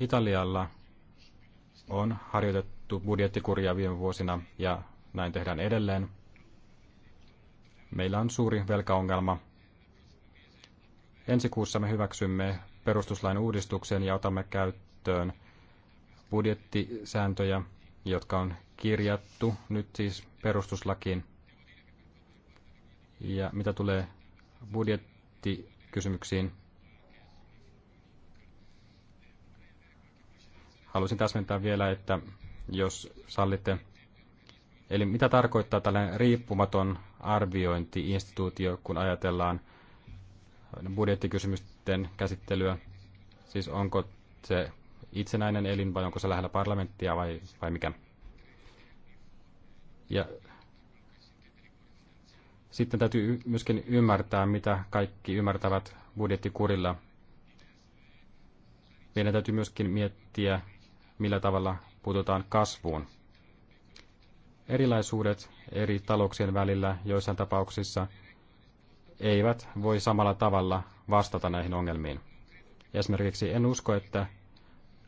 Italialla on harjoitettu budjettikuria viime vuosina ja näin tehdään edelleen. Meillä on suuri velkaongelma. Ensi kuussa me hyväksymme perustuslain uudistuksen ja otamme käyttöön budjettisääntöjä, jotka on kirjattu nyt siis perustuslakiin. Ja mitä tulee budjettikysymyksiin, haluaisin täsmentää vielä, että jos sallitte, eli mitä tarkoittaa tällainen riippumaton arviointiinstituutio, kun ajatellaan budjettikysymysten käsittelyä? Siis onko se itsenäinen elin vai onko se lähellä parlamenttia vai, vai mikä? Ja sitten täytyy myöskin ymmärtää, mitä kaikki ymmärtävät budjettikurilla. Meidän täytyy myöskin miettiä millä tavalla puututaan kasvuun. Erilaisuudet eri talouksien välillä joissain tapauksissa eivät voi samalla tavalla vastata näihin ongelmiin. Esimerkiksi en usko, että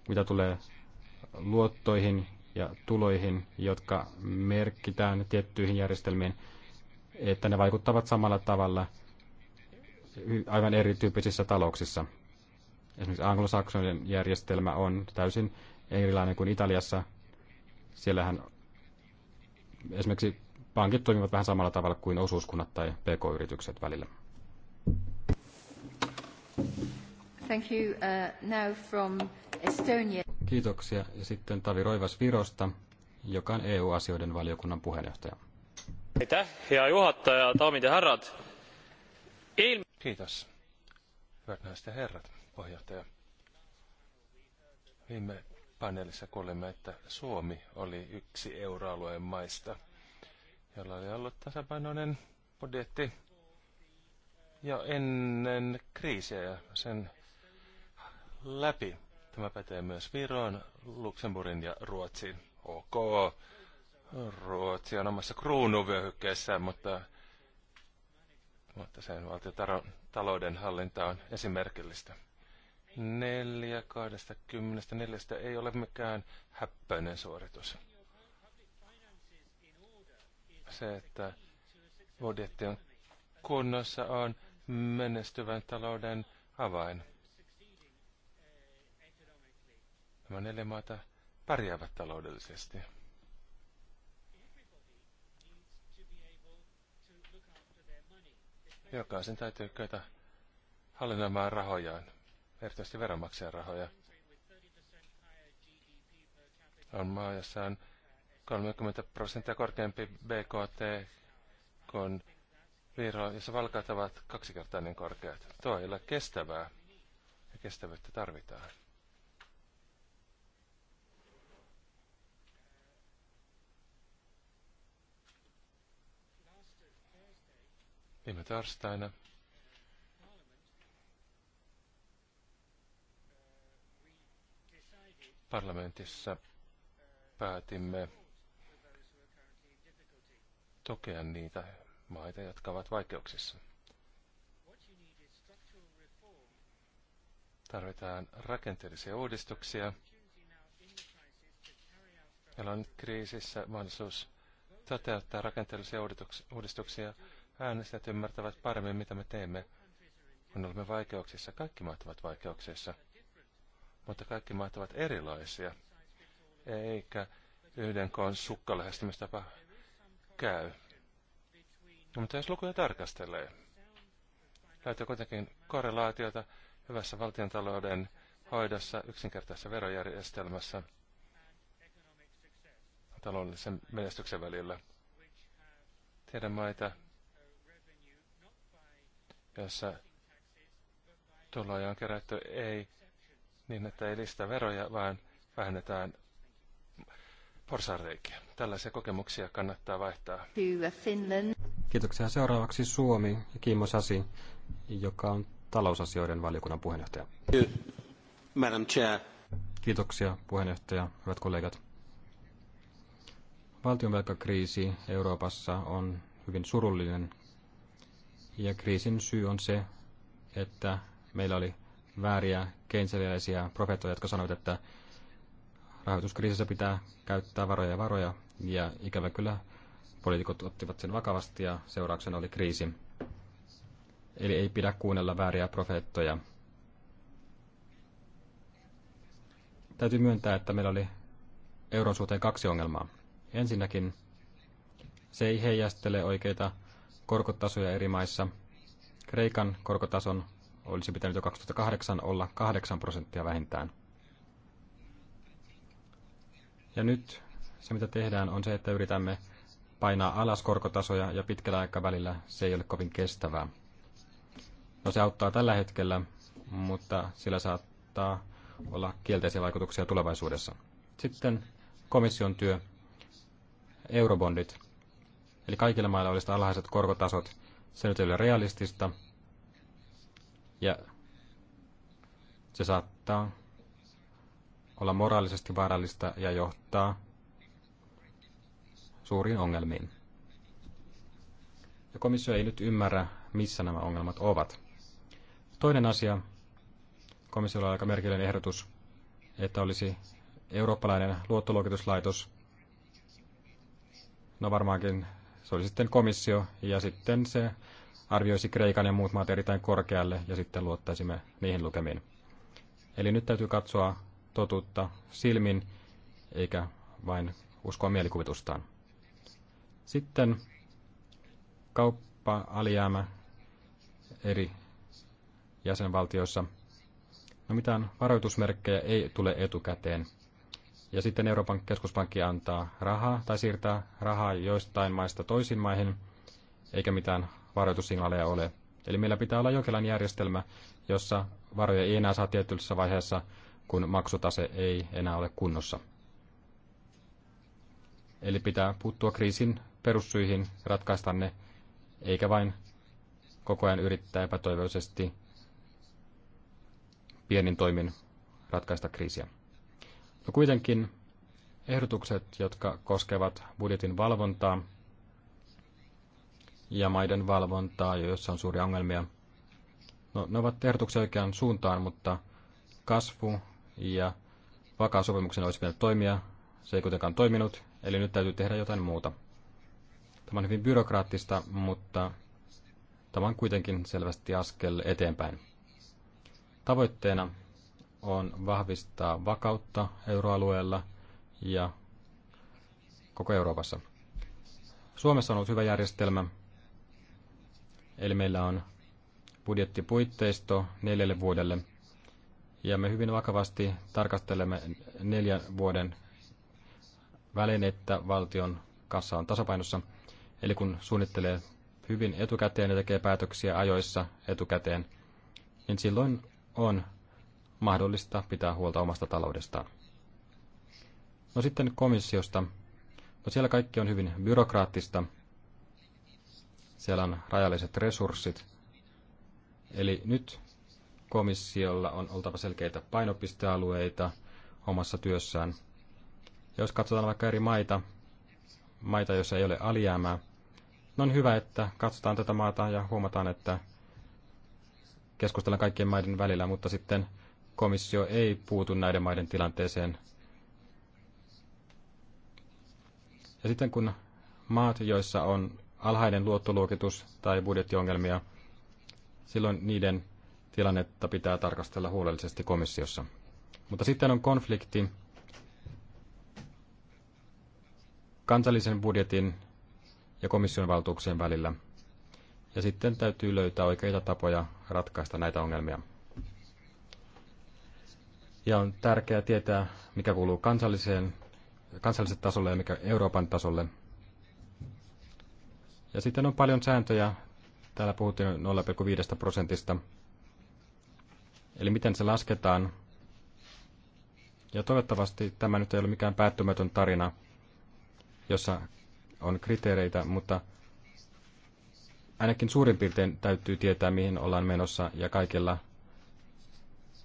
mitä tulee luottoihin ja tuloihin, jotka merkitään tiettyihin järjestelmiin, että ne vaikuttavat samalla tavalla aivan erityyppisissä talouksissa. Esimerkiksi anglosaksonen järjestelmä on täysin erilainen kuin Italiassa. Siellähän esimerkiksi pankit toimivat vähän samalla tavalla kuin osuuskunnat tai pk-yritykset välillä. Thank you. Uh, now from Estonia. Kiitoksia. Ja sitten Tavi Roivas Virosta, joka on EU-asioiden valiokunnan puheenjohtaja. Aitäh, hea juhattaja, daamid ja herrat. Il... Kiitos. Hyvät naiset ja herrat, puheenjohtaja. Viime paneelissa kuulimme, että Suomi oli yksi euroalueen maista, jolla oli ollut tasapainoinen budjetti jo ennen kriisiä ja sen läpi. Tämä pätee myös Viroon, Luxemburgin ja Ruotsiin. Ok, Ruotsi on omassa kruunuvyöhykkeessään, mutta, mutta sen valtiotalouden talouden hallinta on esimerkillistä. Neljä kahdesta kymmenestä neljästä ei ole mikään häppöinen suoritus. Se, että budjetti on kunnossa, on menestyvän talouden avain. Nämä neljä maata pärjäävät taloudellisesti. Jokaisen täytyy kyetä hallinnoimaan rahojaan erityisesti veronmaksajan rahoja. On maa, jossa on 30 prosenttia korkeampi BKT kuin Viro, jossa valkat ovat kaksi kertaa niin korkeat. Tuo ei ole kestävää, ja kestävyyttä tarvitaan. Viime torstaina parlamentissa päätimme tukea niitä maita, jotka ovat vaikeuksissa. Tarvitaan rakenteellisia uudistuksia. Meillä on kriisissä mahdollisuus toteuttaa rakenteellisia uudistuksia. Äänestäjät ymmärtävät paremmin, mitä me teemme, kun olemme vaikeuksissa. Kaikki maat ovat vaikeuksissa mutta kaikki maat ovat erilaisia, eikä yhden koon sukkalähestymistapa käy. No, mutta jos lukuja tarkastelee, löytyy kuitenkin korrelaatiota hyvässä valtiontalouden hoidossa, yksinkertaisessa verojärjestelmässä, taloudellisen menestyksen välillä. Tiedän maita, joissa tuloja on kerätty ei niin, että ei listä veroja, vaan vähennetään porsareikiä. Tällaisia kokemuksia kannattaa vaihtaa. Kiitoksia. Seuraavaksi Suomi ja Kimmo Sasi, joka on talousasioiden valiokunnan puheenjohtaja. Madam Chair. Kiitoksia puheenjohtaja, hyvät kollegat. Valtionvelkakriisi Euroopassa on hyvin surullinen ja kriisin syy on se, että meillä oli vääriä keinseliäisiä profeettoja, jotka sanovat, että rahoituskriisissä pitää käyttää varoja ja varoja, ja ikävä kyllä poliitikot ottivat sen vakavasti ja seurauksena oli kriisi. Eli ei pidä kuunnella vääriä profeettoja. Täytyy myöntää, että meillä oli euron suhteen kaksi ongelmaa. Ensinnäkin se ei heijastele oikeita korkotasoja eri maissa. Kreikan korkotason olisi pitänyt jo 2008 olla 8 prosenttia vähintään. Ja nyt se, mitä tehdään, on se, että yritämme painaa alas korkotasoja ja pitkällä aikavälillä se ei ole kovin kestävää. No se auttaa tällä hetkellä, mutta sillä saattaa olla kielteisiä vaikutuksia tulevaisuudessa. Sitten komission työ, eurobondit. Eli kaikilla mailla olisi alhaiset korkotasot. Se nyt ei ole realistista, ja se saattaa olla moraalisesti vaarallista ja johtaa suuriin ongelmiin. Ja komissio ei nyt ymmärrä, missä nämä ongelmat ovat. Toinen asia, komissiolla on aika merkillinen ehdotus, että olisi eurooppalainen luottoluokituslaitos. No varmaankin se oli sitten komissio ja sitten se arvioisi Kreikan ja muut maat erittäin korkealle ja sitten luottaisimme niihin lukemiin. Eli nyt täytyy katsoa totuutta silmin, eikä vain uskoa mielikuvitustaan. Sitten kauppa-alijäämä eri jäsenvaltioissa. No mitään varoitusmerkkejä ei tule etukäteen. Ja sitten Euroopan keskuspankki antaa rahaa tai siirtää rahaa joistain maista toisiin maihin, eikä mitään varoitussignaaleja ole. Eli meillä pitää olla jokinlainen järjestelmä, jossa varoja ei enää saa tietyssä vaiheessa, kun maksutase ei enää ole kunnossa. Eli pitää puuttua kriisin perussyihin, ratkaista ne, eikä vain koko ajan yrittää epätoivoisesti pienin toimin ratkaista kriisiä. No kuitenkin ehdotukset, jotka koskevat budjetin valvontaa, ja maiden valvontaa, joissa on suuria ongelmia. No, ne ovat ehdotuksia oikeaan suuntaan, mutta kasvu ja sopimuksen olisi pitänyt toimia. Se ei kuitenkaan toiminut, eli nyt täytyy tehdä jotain muuta. Tämä on hyvin byrokraattista, mutta tämä on kuitenkin selvästi askel eteenpäin. Tavoitteena on vahvistaa vakautta euroalueella ja koko Euroopassa. Suomessa on ollut hyvä järjestelmä, Eli meillä on budjettipuitteisto neljälle vuodelle. Ja me hyvin vakavasti tarkastelemme neljän vuoden välein, että valtion kassa on tasapainossa. Eli kun suunnittelee hyvin etukäteen ja tekee päätöksiä ajoissa etukäteen, niin silloin on mahdollista pitää huolta omasta taloudestaan. No sitten komissiosta. No siellä kaikki on hyvin byrokraattista, siellä on rajalliset resurssit. Eli nyt komissiolla on oltava selkeitä painopistealueita omassa työssään. Jos katsotaan vaikka eri maita, maita, joissa ei ole alijäämää, niin on hyvä, että katsotaan tätä maata ja huomataan, että keskustellaan kaikkien maiden välillä, mutta sitten komissio ei puutu näiden maiden tilanteeseen. Ja sitten kun maat, joissa on alhainen luottoluokitus tai budjettiongelmia, silloin niiden tilannetta pitää tarkastella huolellisesti komissiossa. Mutta sitten on konflikti kansallisen budjetin ja komission valtuuksien välillä. Ja sitten täytyy löytää oikeita tapoja ratkaista näitä ongelmia. Ja on tärkeää tietää, mikä kuuluu kansalliseen, kansalliselle tasolle ja mikä Euroopan tasolle – ja sitten on paljon sääntöjä. Täällä puhuttiin 0,5 prosentista. Eli miten se lasketaan. Ja toivottavasti tämä nyt ei ole mikään päättymätön tarina, jossa on kriteereitä, mutta ainakin suurin piirtein täytyy tietää, mihin ollaan menossa, ja kaikilla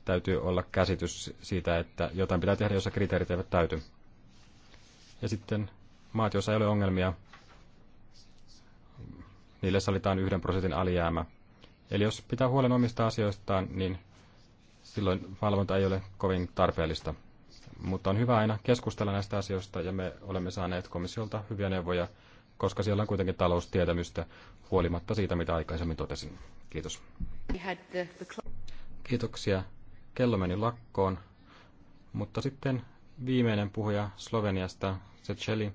täytyy olla käsitys siitä, että jotain pitää tehdä, jossa kriteerit eivät täyty. Ja sitten maat, joissa ei ole ongelmia, niille salitaan yhden prosentin alijäämä. Eli jos pitää huolen omista asioistaan, niin silloin valvonta ei ole kovin tarpeellista. Mutta on hyvä aina keskustella näistä asioista ja me olemme saaneet komissiolta hyviä neuvoja, koska siellä on kuitenkin taloustietämystä huolimatta siitä, mitä aikaisemmin totesin. Kiitos. Kiitoksia. Kello meni lakkoon. Mutta sitten viimeinen puhuja Sloveniasta, Seceli,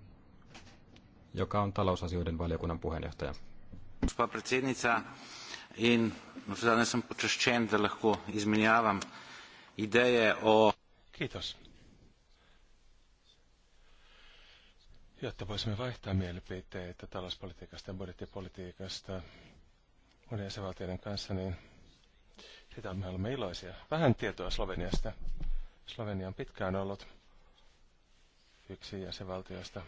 joka on talousasioiden valiokunnan puheenjohtaja. Gospa predsednica, in danes sem počaščen, da lahko izmenjavam ideje o... Kiitos. Jotta voisimme vaihtaa mielipiteitä talouspolitiikasta ja budjettipolitiikasta monien jäsenvaltioiden kanssa, niin sitä me olemme iloisia. Vähän tietoa Sloveniasta. Slovenia on pitkään ollut yksi jäsenvaltioista,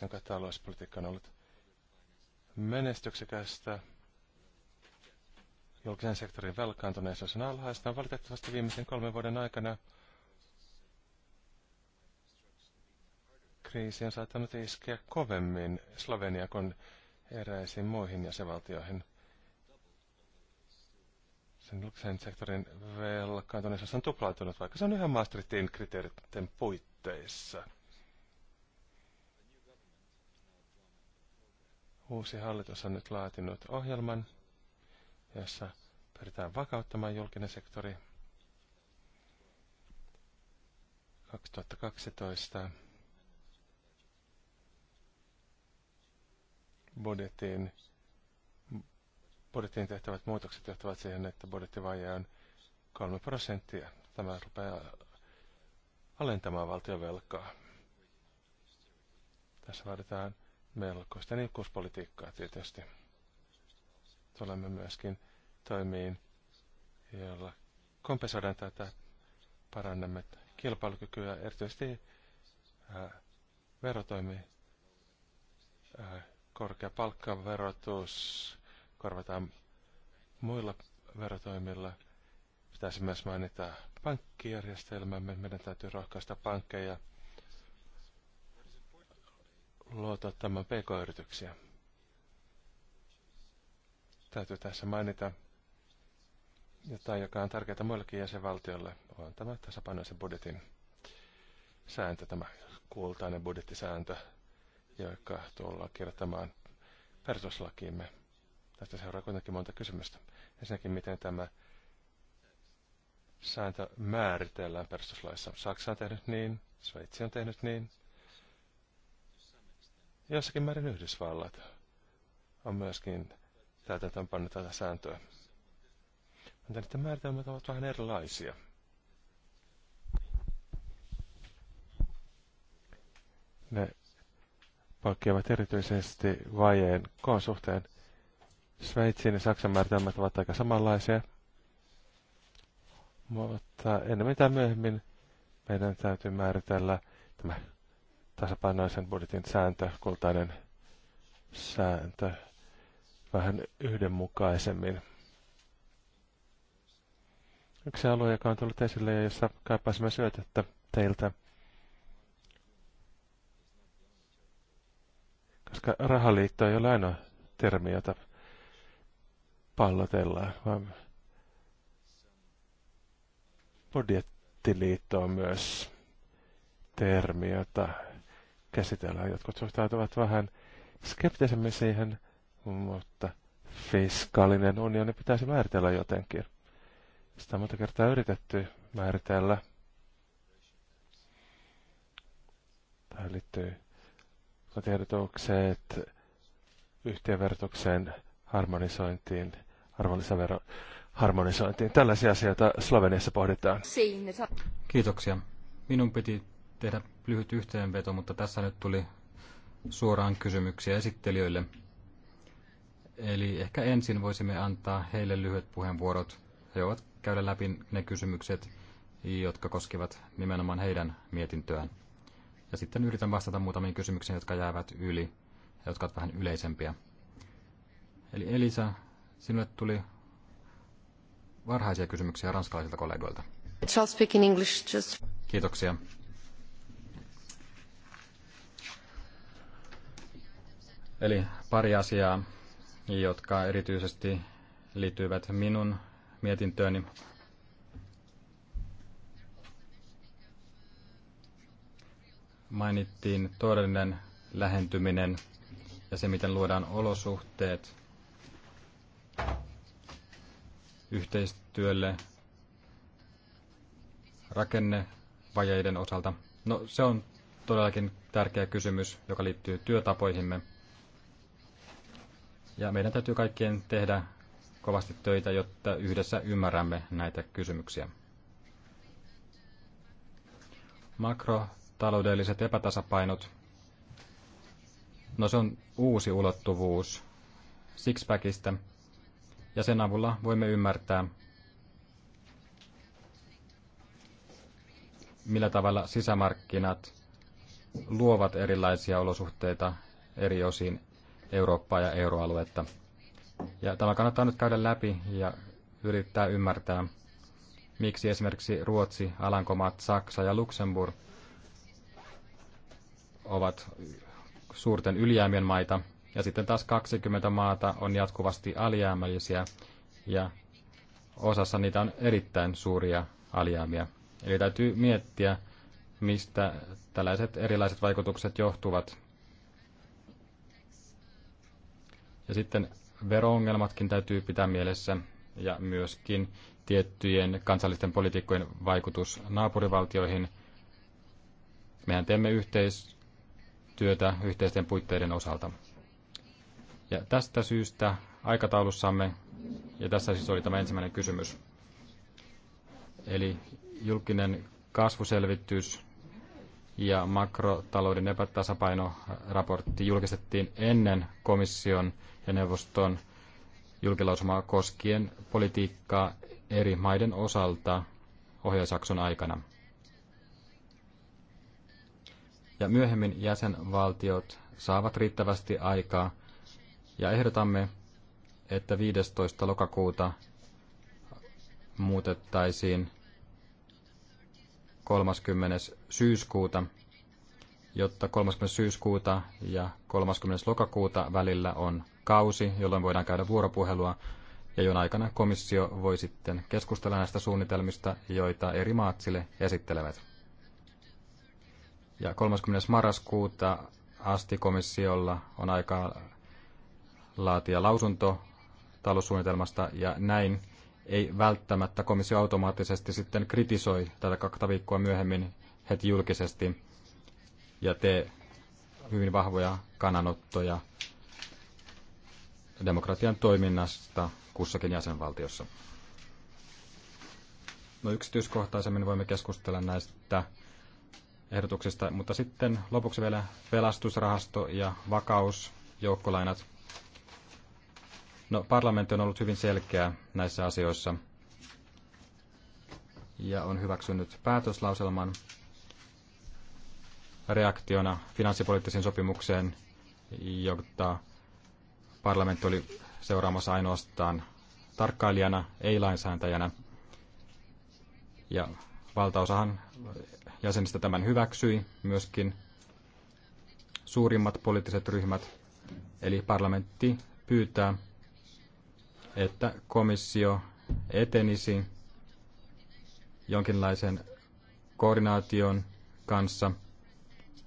jonka talouspolitiikka on ollut menestyksekästä. Julkisen sektorin velkaantuneisuus on alhaista. On valitettavasti viimeisen kolmen vuoden aikana kriisi on saattanut iskeä kovemmin Slovenia kuin eräisiin muihin jäsenvaltioihin. Sen julkisen sektorin velkaantuneisuus on tuplautunut, vaikka se on yhä Maastrichtin kriteereiden puitteissa. Uusi hallitus on nyt laatinut ohjelman, jossa pyritään vakauttamaan julkinen sektori. 2012 budjettiin, budjettiin tehtävät muutokset johtavat siihen, että budjettivaje on 3 prosenttia. Tämä rupeaa alentamaan valtionvelkaa. Tässä vaaditaan melkoista niukkuuspolitiikkaa tietysti. Tulemme myöskin toimiin, joilla kompensoidaan tätä, parannamme kilpailukykyä, erityisesti ää, verotoimi, ää, korkea palkkaverotus korvataan muilla verotoimilla. Pitäisi myös mainita pankkijärjestelmämme. Meidän täytyy rohkaista pankkeja tämän pk-yrityksiä. Täytyy tässä mainita jotain, joka on tärkeää muillekin jäsenvaltioille, on tämä tasapainoisen budjetin sääntö, tämä kultainen budjettisääntö, joka tullaan kirjoittamaan perustuslakiimme. Tästä seuraa kuitenkin monta kysymystä. Ensinnäkin, miten tämä sääntö määritellään perustuslaissa. Saksa on tehnyt niin, Sveitsi on tehnyt niin, Jossakin määrin Yhdysvallat on myöskin täytäntöönpannut tätä sääntöä. Mutta niiden määritelmät ovat vähän erilaisia. Ne poikkeavat erityisesti vajeen koon suhteen. Sveitsin ja Saksan määritelmät ovat aika samanlaisia, mutta ennen mitään myöhemmin meidän täytyy määritellä tämä tasapainoisen budjetin sääntö, kultainen sääntö, vähän yhdenmukaisemmin. Yksi alue, joka on tullut esille ja jossa kaipaisimme syötettä teiltä, koska rahaliitto ei ole ainoa termi, jota pallotellaan, vaan budjettiliitto on myös termi, jota käsitellään. Jotkut suhtautuvat vähän skeptisemmin siihen, mutta fiskaalinen unioni pitäisi määritellä jotenkin. Sitä on monta kertaa yritetty määritellä. Tähän liittyy kotiedotukset, yhtiöverotukseen, harmonisointiin, arvonlisävero harmonisointiin. Tällaisia asioita Sloveniassa pohditaan. Kiitoksia. Minun piti tehdä lyhyt yhteenveto, mutta tässä nyt tuli suoraan kysymyksiä esittelijöille. Eli ehkä ensin voisimme antaa heille lyhyet puheenvuorot. He ovat käydä läpi ne kysymykset, jotka koskivat nimenomaan heidän mietintöään. Ja sitten yritän vastata muutamiin kysymyksiin, jotka jäävät yli ja jotka ovat vähän yleisempiä. Eli Elisa, sinulle tuli varhaisia kysymyksiä ranskalaisilta kollegoilta. English just... Kiitoksia. Eli pari asiaa, jotka erityisesti liittyvät minun mietintööni. Mainittiin todellinen lähentyminen ja se, miten luodaan olosuhteet yhteistyölle rakennevajeiden osalta. No, se on todellakin tärkeä kysymys, joka liittyy työtapoihimme – ja meidän täytyy kaikkien tehdä kovasti töitä, jotta yhdessä ymmärrämme näitä kysymyksiä. Makrotaloudelliset epätasapainot. No se on uusi ulottuvuus Sixpackista, ja sen avulla voimme ymmärtää, millä tavalla sisämarkkinat luovat erilaisia olosuhteita eri osiin Eurooppaa ja euroaluetta. Ja tämä kannattaa nyt käydä läpi ja yrittää ymmärtää, miksi esimerkiksi Ruotsi, Alankomaat, Saksa ja Luxemburg ovat suurten ylijäämien maita, ja sitten taas 20 maata on jatkuvasti alijäämällisiä, ja osassa niitä on erittäin suuria alijäämiä. Eli täytyy miettiä, mistä tällaiset erilaiset vaikutukset johtuvat Ja sitten veroongelmatkin täytyy pitää mielessä ja myöskin tiettyjen kansallisten poliitikkojen vaikutus naapurivaltioihin. Mehän teemme yhteistyötä yhteisten puitteiden osalta. Ja tästä syystä aikataulussamme, ja tässä siis oli tämä ensimmäinen kysymys, eli julkinen kasvuselvitys ja makrotalouden epätasapainoraportti julkistettiin ennen komission ja neuvoston julkilausumaa koskien politiikkaa eri maiden osalta ohjausakson aikana. Ja myöhemmin jäsenvaltiot saavat riittävästi aikaa ja ehdotamme, että 15. lokakuuta muutettaisiin 30. syyskuuta, jotta 30. syyskuuta ja 30. lokakuuta välillä on kausi, jolloin voidaan käydä vuoropuhelua ja jon aikana komissio voi sitten keskustella näistä suunnitelmista, joita eri maat sille esittelevät. Ja 30. marraskuuta asti komissiolla on aikaa laatia lausunto taloussuunnitelmasta ja näin ei välttämättä komissio automaattisesti sitten kritisoi tätä kahta viikkoa myöhemmin heti julkisesti ja tee hyvin vahvoja kannanottoja demokratian toiminnasta kussakin jäsenvaltiossa. No yksityiskohtaisemmin voimme keskustella näistä ehdotuksista, mutta sitten lopuksi vielä pelastusrahasto ja vakausjoukkolainat. No, parlamentti on ollut hyvin selkeä näissä asioissa ja on hyväksynyt päätöslauselman reaktiona finanssipoliittiseen sopimukseen, jota parlamentti oli seuraamassa ainoastaan tarkkailijana, ei lainsääntäjänä. Ja valtaosahan jäsenistä tämän hyväksyi, myöskin suurimmat poliittiset ryhmät, eli parlamentti pyytää että komissio etenisi jonkinlaisen koordinaation kanssa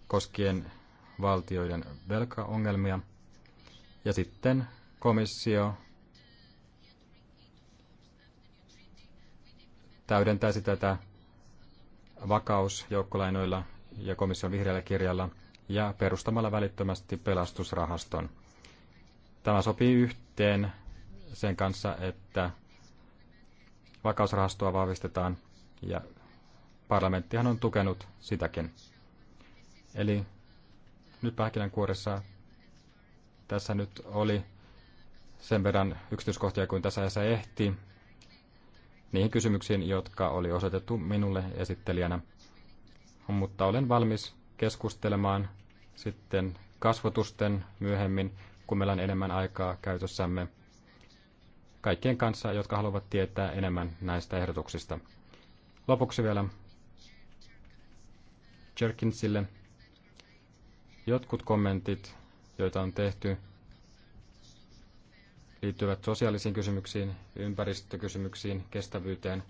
koskien valtioiden velkaongelmia. Ja sitten komissio täydentäisi tätä vakausjoukkolainoilla ja komission vihreällä kirjalla ja perustamalla välittömästi pelastusrahaston. Tämä sopii yhteen sen kanssa, että vakausrahastoa vahvistetaan ja parlamenttihan on tukenut sitäkin. Eli nyt pähkinänkuoressa tässä nyt oli sen verran yksityiskohtia kuin tässä ajassa ehti niihin kysymyksiin, jotka oli osoitettu minulle esittelijänä. Mutta olen valmis keskustelemaan sitten kasvotusten myöhemmin, kun meillä on enemmän aikaa käytössämme kaikkien kanssa, jotka haluavat tietää enemmän näistä ehdotuksista. Lopuksi vielä Jerkinsille. Jotkut kommentit, joita on tehty, liittyvät sosiaalisiin kysymyksiin, ympäristökysymyksiin, kestävyyteen.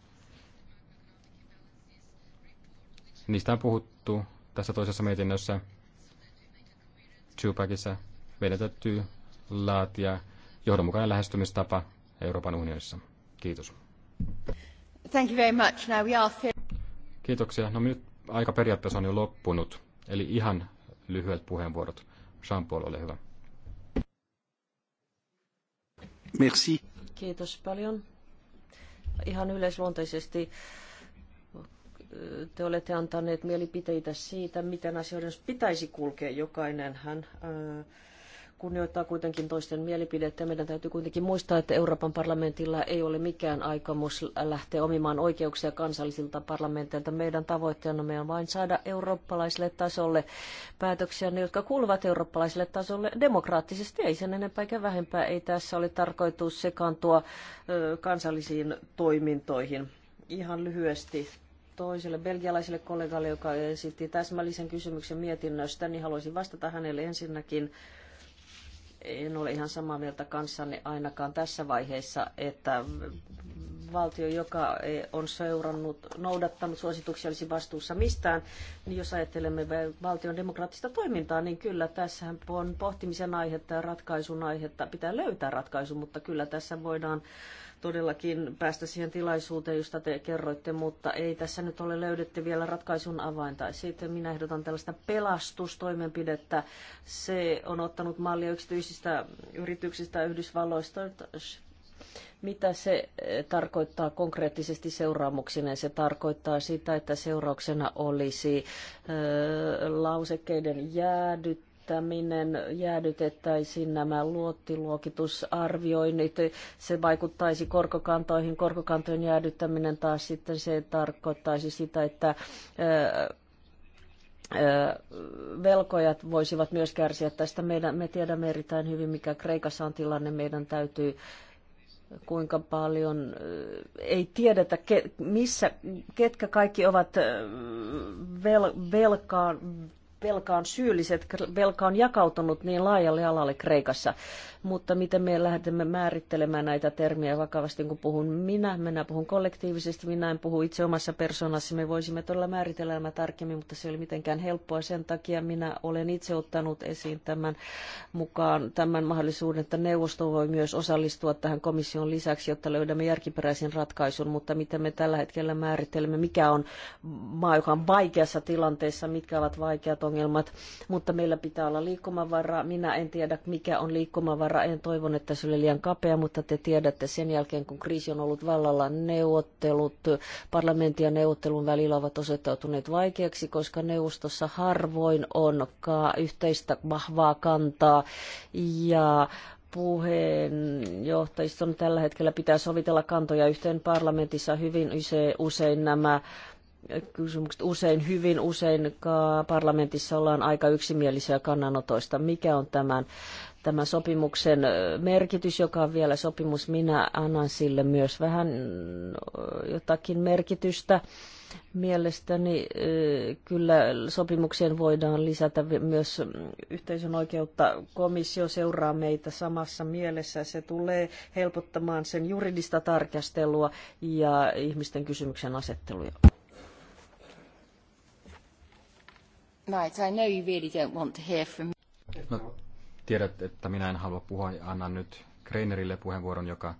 Niistä on puhuttu tässä toisessa mietinnössä Tupacissa. Meidän täytyy laatia johdonmukainen lähestymistapa Euroopan unionissa. Kiitos. Thank you very much. Now we are... Kiitoksia. No nyt aika periaatteessa on jo loppunut, eli ihan lyhyet puheenvuorot. Jean-Paul, ole hyvä. Merci. Kiitos paljon. Ihan yleisluonteisesti te olette antaneet mielipiteitä siitä, miten asioiden pitäisi kulkea jokainen. Hän, äh, kunnioittaa kuitenkin toisten mielipidettä. Meidän täytyy kuitenkin muistaa, että Euroopan parlamentilla ei ole mikään aikomus lähteä omimaan oikeuksia kansallisilta parlamenteilta. Meidän tavoitteenamme on vain saada eurooppalaiselle tasolle päätöksiä, ne, jotka kuuluvat eurooppalaiselle tasolle demokraattisesti. Ei sen enempää eikä vähempää. Ei tässä ole tarkoitus sekaantua kansallisiin toimintoihin. Ihan lyhyesti toiselle belgialaiselle kollegalle, joka esitti täsmällisen kysymyksen mietinnöstä, niin haluaisin vastata hänelle ensinnäkin en ole ihan samaa mieltä kanssanne ainakaan tässä vaiheessa, että valtio, joka e, on seurannut, noudattanut suosituksia, olisi vastuussa mistään, niin jos ajattelemme valtion demokraattista toimintaa, niin kyllä tässä on pohtimisen aihetta ja ratkaisun aihetta. Pitää löytää ratkaisu, mutta kyllä tässä voidaan todellakin päästä siihen tilaisuuteen, josta te kerroitte, mutta ei tässä nyt ole löydetty vielä ratkaisun avainta. Sitten minä ehdotan tällaista pelastustoimenpidettä. Se on ottanut mallia yksityisistä yrityksistä Yhdysvalloista. Mitä se eh, tarkoittaa konkreettisesti seuraamuksineen? Se tarkoittaa sitä, että seurauksena olisi eh, lausekkeiden jäädyt jäädyttäminen, jäädytettäisiin nämä luottiluokitusarvioinnit. Se vaikuttaisi korkokantoihin. Korkokantojen jäädyttäminen taas sitten se tarkoittaisi sitä, että velkojat voisivat myös kärsiä tästä. Meidän, me tiedämme erittäin hyvin, mikä Kreikassa on tilanne. Meidän täytyy kuinka paljon ei tiedetä, ke, missä, ketkä kaikki ovat vel, velkaan velkaan syylliset, velka on jakautunut niin laajalle alalle Kreikassa. Mutta miten me lähdemme määrittelemään näitä termiä vakavasti, kun puhun minä, minä puhun kollektiivisesti, minä en puhu itse omassa persoonassa, me voisimme todella määritellä nämä tarkemmin, mutta se ei ole mitenkään helppoa. Sen takia minä olen itse ottanut esiin tämän mukaan tämän mahdollisuuden, että neuvosto voi myös osallistua tähän komission lisäksi, jotta löydämme järkiperäisen ratkaisun, mutta miten me tällä hetkellä määrittelemme, mikä on maa, joka on vaikeassa tilanteessa, mitkä ovat vaikeat ongelmat, mutta meillä pitää olla liikkumavaraa. Minä en tiedä, mikä on liikkumavara. En toivon, että se oli liian kapea, mutta te tiedätte sen jälkeen, kun kriisi on ollut vallalla, neuvottelut parlamentin ja neuvottelun välillä ovat osoittautuneet vaikeaksi, koska neuvostossa harvoin on yhteistä vahvaa kantaa ja puheenjohtajiston tällä hetkellä pitää sovitella kantoja yhteen parlamentissa hyvin usein nämä kysymykset usein, hyvin usein parlamentissa ollaan aika yksimielisiä kannanotoista. Mikä on tämän, tämän sopimuksen merkitys, joka on vielä sopimus? Minä annan sille myös vähän jotakin merkitystä. Mielestäni kyllä sopimukseen voidaan lisätä myös yhteisön oikeutta. Komissio seuraa meitä samassa mielessä. Se tulee helpottamaan sen juridista tarkastelua ja ihmisten kysymyksen asetteluja. I know you really don't want to hear from no, tiedät, että minä en halua puhua ja annan nyt Kreinerille puheenvuoron, joka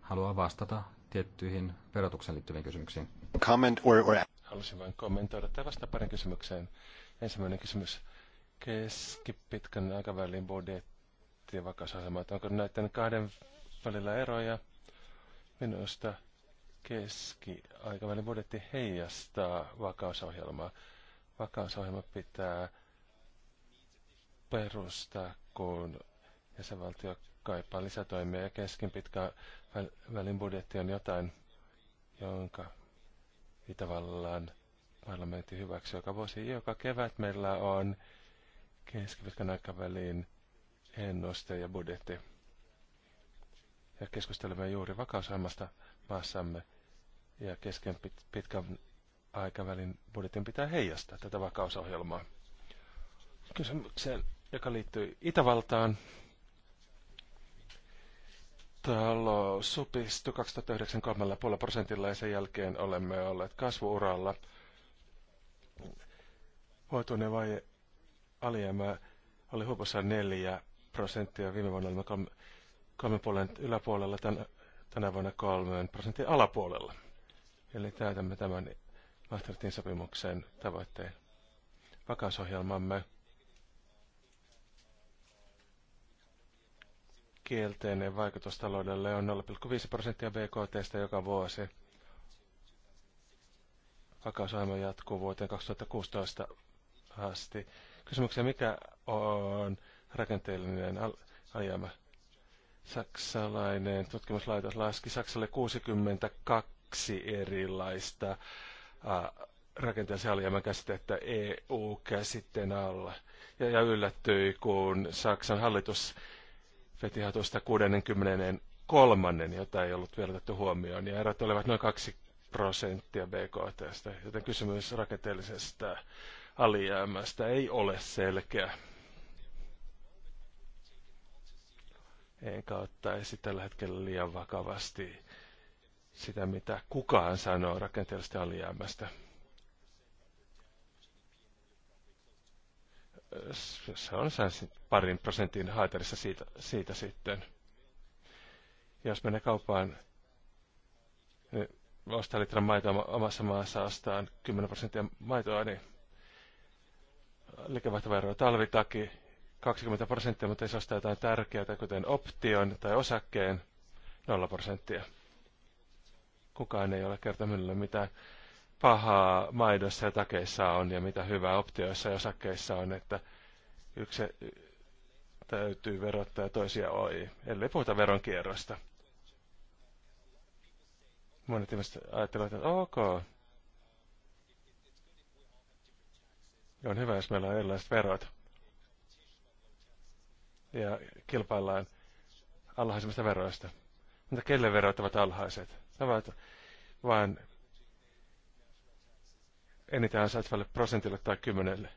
haluaa vastata tiettyihin verotukseen liittyviin kysymyksiin. Comment or, or... Haluaisin vain kommentoida tai vastata parin kysymykseen. Ensimmäinen kysymys. Keskipitkän aikavälin budjetti ja vakausasema. Onko näiden kahden välillä eroja? Minusta keskiaikavälin budjetti heijastaa vakausohjelmaa vakausohjelma pitää perustaa, kun jäsenvaltio kaipaa lisätoimia ja kesken pitkään välin budjetti on jotain, jonka Itävallan parlamentti hyväksyy joka vuosi. Joka kevät meillä on keskipitkän aikavälin ennuste ja budjetti. Ja keskustelemme juuri vakausohjelmasta maassamme ja kesken pitkän aikavälin budjetin pitää heijastaa tätä vakausohjelmaa. Kysymykseen, joka liittyy Itävaltaan. on supistui 2009 3,5 prosentilla ja sen jälkeen olemme olleet kasvuuralla. Vuotuinen vai alijäämä oli huipussa 4 prosenttia, viime vuonna olimme 3 puolen yläpuolella, tänä, tänä vuonna 3 prosentin alapuolella. Eli täytämme tämän Maastrichtin sopimuksen tavoitteen. Vakausohjelmamme kielteinen vaikutus taloudelle on 0,5 prosenttia BKTstä joka vuosi. Vakausohjelma jatkuu vuoteen 2016 asti. Kysymyksiä, mikä on rakenteellinen alijäämä? Saksalainen tutkimuslaitos laski Saksalle 62 erilaista Äh, rakenteellisen alijäämän käsitettä EU-käsitteen alla. Ja, ja yllättyi, kun Saksan hallitus veti hatusta 63, jota ei ollut vielä otettu huomioon, ja erot olivat noin 2 prosenttia BKT, joten kysymys rakenteellisesta alijäämästä ei ole selkeä. Enkä ottaisi tällä hetkellä liian vakavasti sitä, mitä kukaan sanoo rakenteellisesta alijäämästä. Se on parin prosentin haiterissa siitä, siitä sitten. Jos menee kaupaan, niin ostaa litran maitoa omassa maassa, ostaa 10 prosenttia maitoa, niin liikevaihtovero talvitaki 20 prosenttia, mutta jos ostaa jotain tärkeää, kuten option tai osakkeen, 0 prosenttia. Kukaan ei ole kertonut minulle, mitä pahaa maidossa ja takeissa on ja mitä hyvää optioissa ja osakkeissa on, että yksi täytyy verottaa toisia oi, ellei puhuta veronkierrosta. Monet ihmiset ajattelevat, että ok, on hyvä, jos meillä on erilaiset verot ja kilpaillaan alhaisemmista veroista. Mutta kelle verot ovat alhaiset? että vaan eniten ansaitsevalle prosentille tai kymmenelle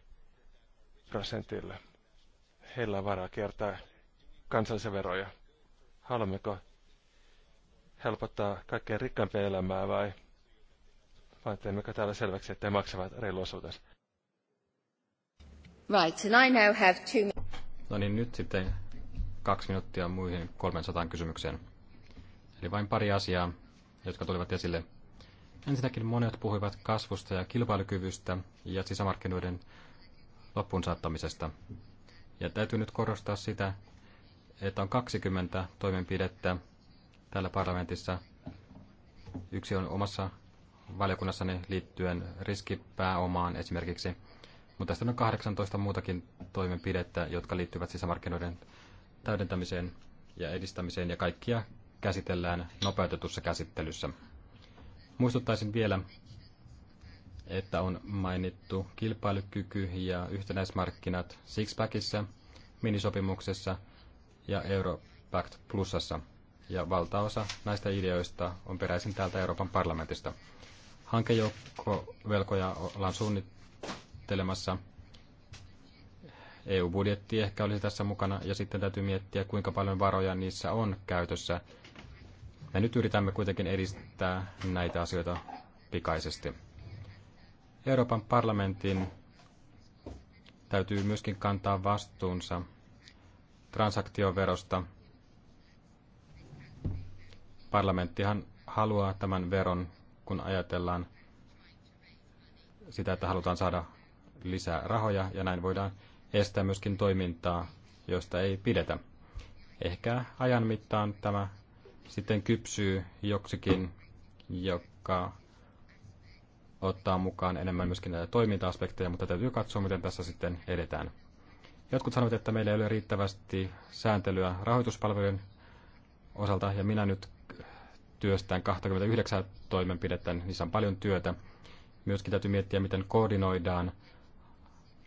prosentille. Heillä on varaa kiertää kansallisia veroja. Haluammeko helpottaa kaikkein rikkaimpien elämää vai, vai teemmekö täällä selväksi, että he maksavat reilu osuutensa? Right, and I now have two... No niin, nyt sitten kaksi minuuttia muihin 300 kysymykseen. Eli vain pari asiaa, jotka tulivat esille. Ensinnäkin monet puhuivat kasvusta ja kilpailukyvystä ja sisämarkkinoiden loppuun saattamisesta. Ja täytyy nyt korostaa sitä, että on 20 toimenpidettä täällä parlamentissa. Yksi on omassa valiokunnassani liittyen riskipääomaan esimerkiksi, mutta tästä on 18 muutakin toimenpidettä, jotka liittyvät sisämarkkinoiden täydentämiseen ja edistämiseen, ja kaikkia käsitellään nopeutetussa käsittelyssä. Muistuttaisin vielä, että on mainittu kilpailukyky ja yhtenäismarkkinat Sixpackissa, minisopimuksessa ja Europact Plusassa. Ja valtaosa näistä ideoista on peräisin täältä Euroopan parlamentista. Hankejoukkovelkoja ollaan suunnittelemassa. EU-budjetti ehkä olisi tässä mukana ja sitten täytyy miettiä, kuinka paljon varoja niissä on käytössä me nyt yritämme kuitenkin edistää näitä asioita pikaisesti. Euroopan parlamentin täytyy myöskin kantaa vastuunsa transaktioverosta. Parlamenttihan haluaa tämän veron, kun ajatellaan sitä, että halutaan saada lisää rahoja ja näin voidaan estää myöskin toimintaa, josta ei pidetä. Ehkä ajan mittaan tämä sitten kypsyy joksikin, joka ottaa mukaan enemmän myöskin näitä toiminta-aspekteja, mutta täytyy katsoa, miten tässä sitten edetään. Jotkut sanovat, että meillä ei ole riittävästi sääntelyä rahoituspalvelujen osalta, ja minä nyt työstään 29 toimenpidettä, niin niissä on paljon työtä. Myöskin täytyy miettiä, miten koordinoidaan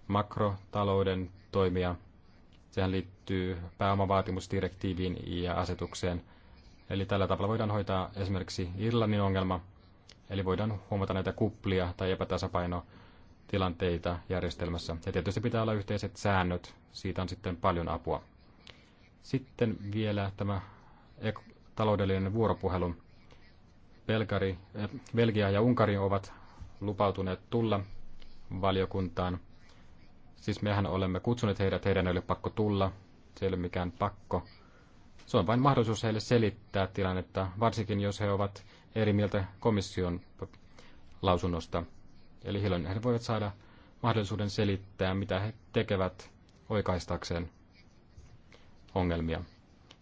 makrotalouden toimia. Sehän liittyy pääomavaatimusdirektiiviin ja asetukseen – Eli tällä tavalla voidaan hoitaa esimerkiksi Irlannin ongelma, eli voidaan huomata näitä kuplia tai epätasapainotilanteita järjestelmässä. Ja tietysti pitää olla yhteiset säännöt, siitä on sitten paljon apua. Sitten vielä tämä taloudellinen vuoropuhelu. Belgari, eh, Belgia ja Unkari ovat lupautuneet tulla valiokuntaan. Siis mehän olemme kutsuneet heidät, heidän ei ole pakko tulla, se ei ole mikään pakko se on vain mahdollisuus heille selittää tilannetta, varsinkin jos he ovat eri mieltä komission lausunnosta. Eli silloin he voivat saada mahdollisuuden selittää, mitä he tekevät oikaistakseen ongelmia.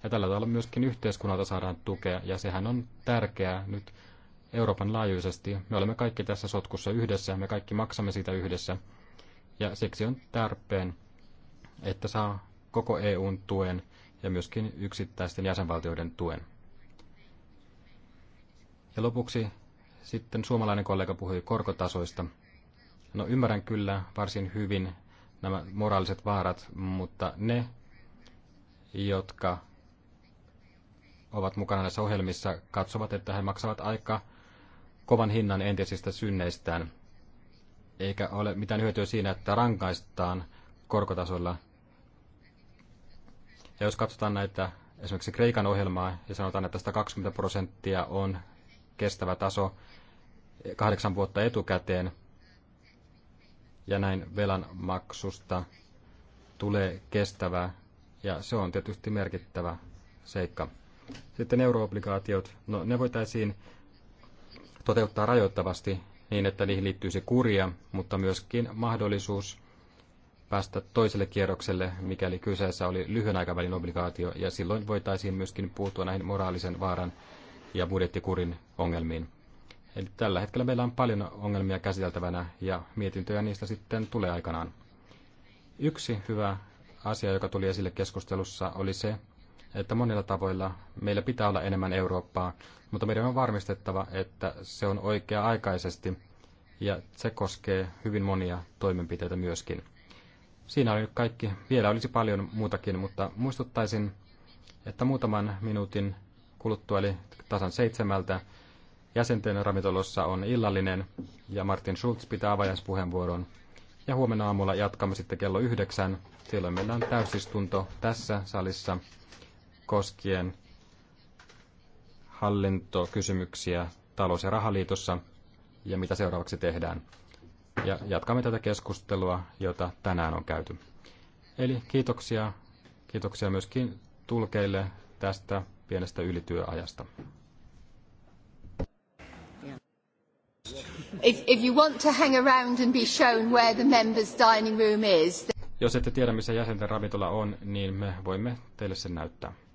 Ja tällä tavalla myöskin yhteiskunnalta saadaan tukea, ja sehän on tärkeää nyt Euroopan laajuisesti. Me olemme kaikki tässä sotkussa yhdessä, me kaikki maksamme siitä yhdessä, ja siksi on tarpeen, että saa koko EUn tuen ja myöskin yksittäisten jäsenvaltioiden tuen. Ja lopuksi sitten suomalainen kollega puhui korkotasoista. No ymmärrän kyllä varsin hyvin nämä moraaliset vaarat, mutta ne, jotka ovat mukana näissä ohjelmissa, katsovat, että he maksavat aika kovan hinnan entisistä synneistään. Eikä ole mitään hyötyä siinä, että rankaistaan korkotasolla – ja jos katsotaan näitä esimerkiksi Kreikan ohjelmaa ja sanotaan, että 20 prosenttia on kestävä taso kahdeksan vuotta etukäteen, ja näin velan maksusta tulee kestävää, ja se on tietysti merkittävä seikka. Sitten euroobligaatiot, no ne voitaisiin toteuttaa rajoittavasti niin, että niihin liittyisi kuria, mutta myöskin mahdollisuus päästä toiselle kierrokselle, mikäli kyseessä oli lyhyen aikavälin obligaatio, ja silloin voitaisiin myöskin puuttua näihin moraalisen vaaran ja budjettikurin ongelmiin. Eli tällä hetkellä meillä on paljon ongelmia käsiteltävänä, ja mietintöjä niistä sitten tulee aikanaan. Yksi hyvä asia, joka tuli esille keskustelussa, oli se, että monilla tavoilla meillä pitää olla enemmän Eurooppaa, mutta meidän on varmistettava, että se on oikea-aikaisesti, ja se koskee hyvin monia toimenpiteitä myöskin. Siinä oli kaikki. Vielä olisi paljon muutakin, mutta muistuttaisin, että muutaman minuutin kuluttua, eli tasan seitsemältä, jäsenten ravintolossa on illallinen ja Martin Schulz pitää avajaispuheenvuoron. Ja huomenna aamulla jatkamme sitten kello yhdeksän. Silloin meillä on täysistunto tässä salissa koskien hallintokysymyksiä talous- ja rahaliitossa ja mitä seuraavaksi tehdään ja jatkamme tätä keskustelua, jota tänään on käyty. Eli kiitoksia, kiitoksia myöskin tulkeille tästä pienestä ylityöajasta. If, if you want to hang around and be shown where the members' dining room is, then... Jos ette tiedä, missä jäsenten ravintola on, niin me voimme teille sen näyttää.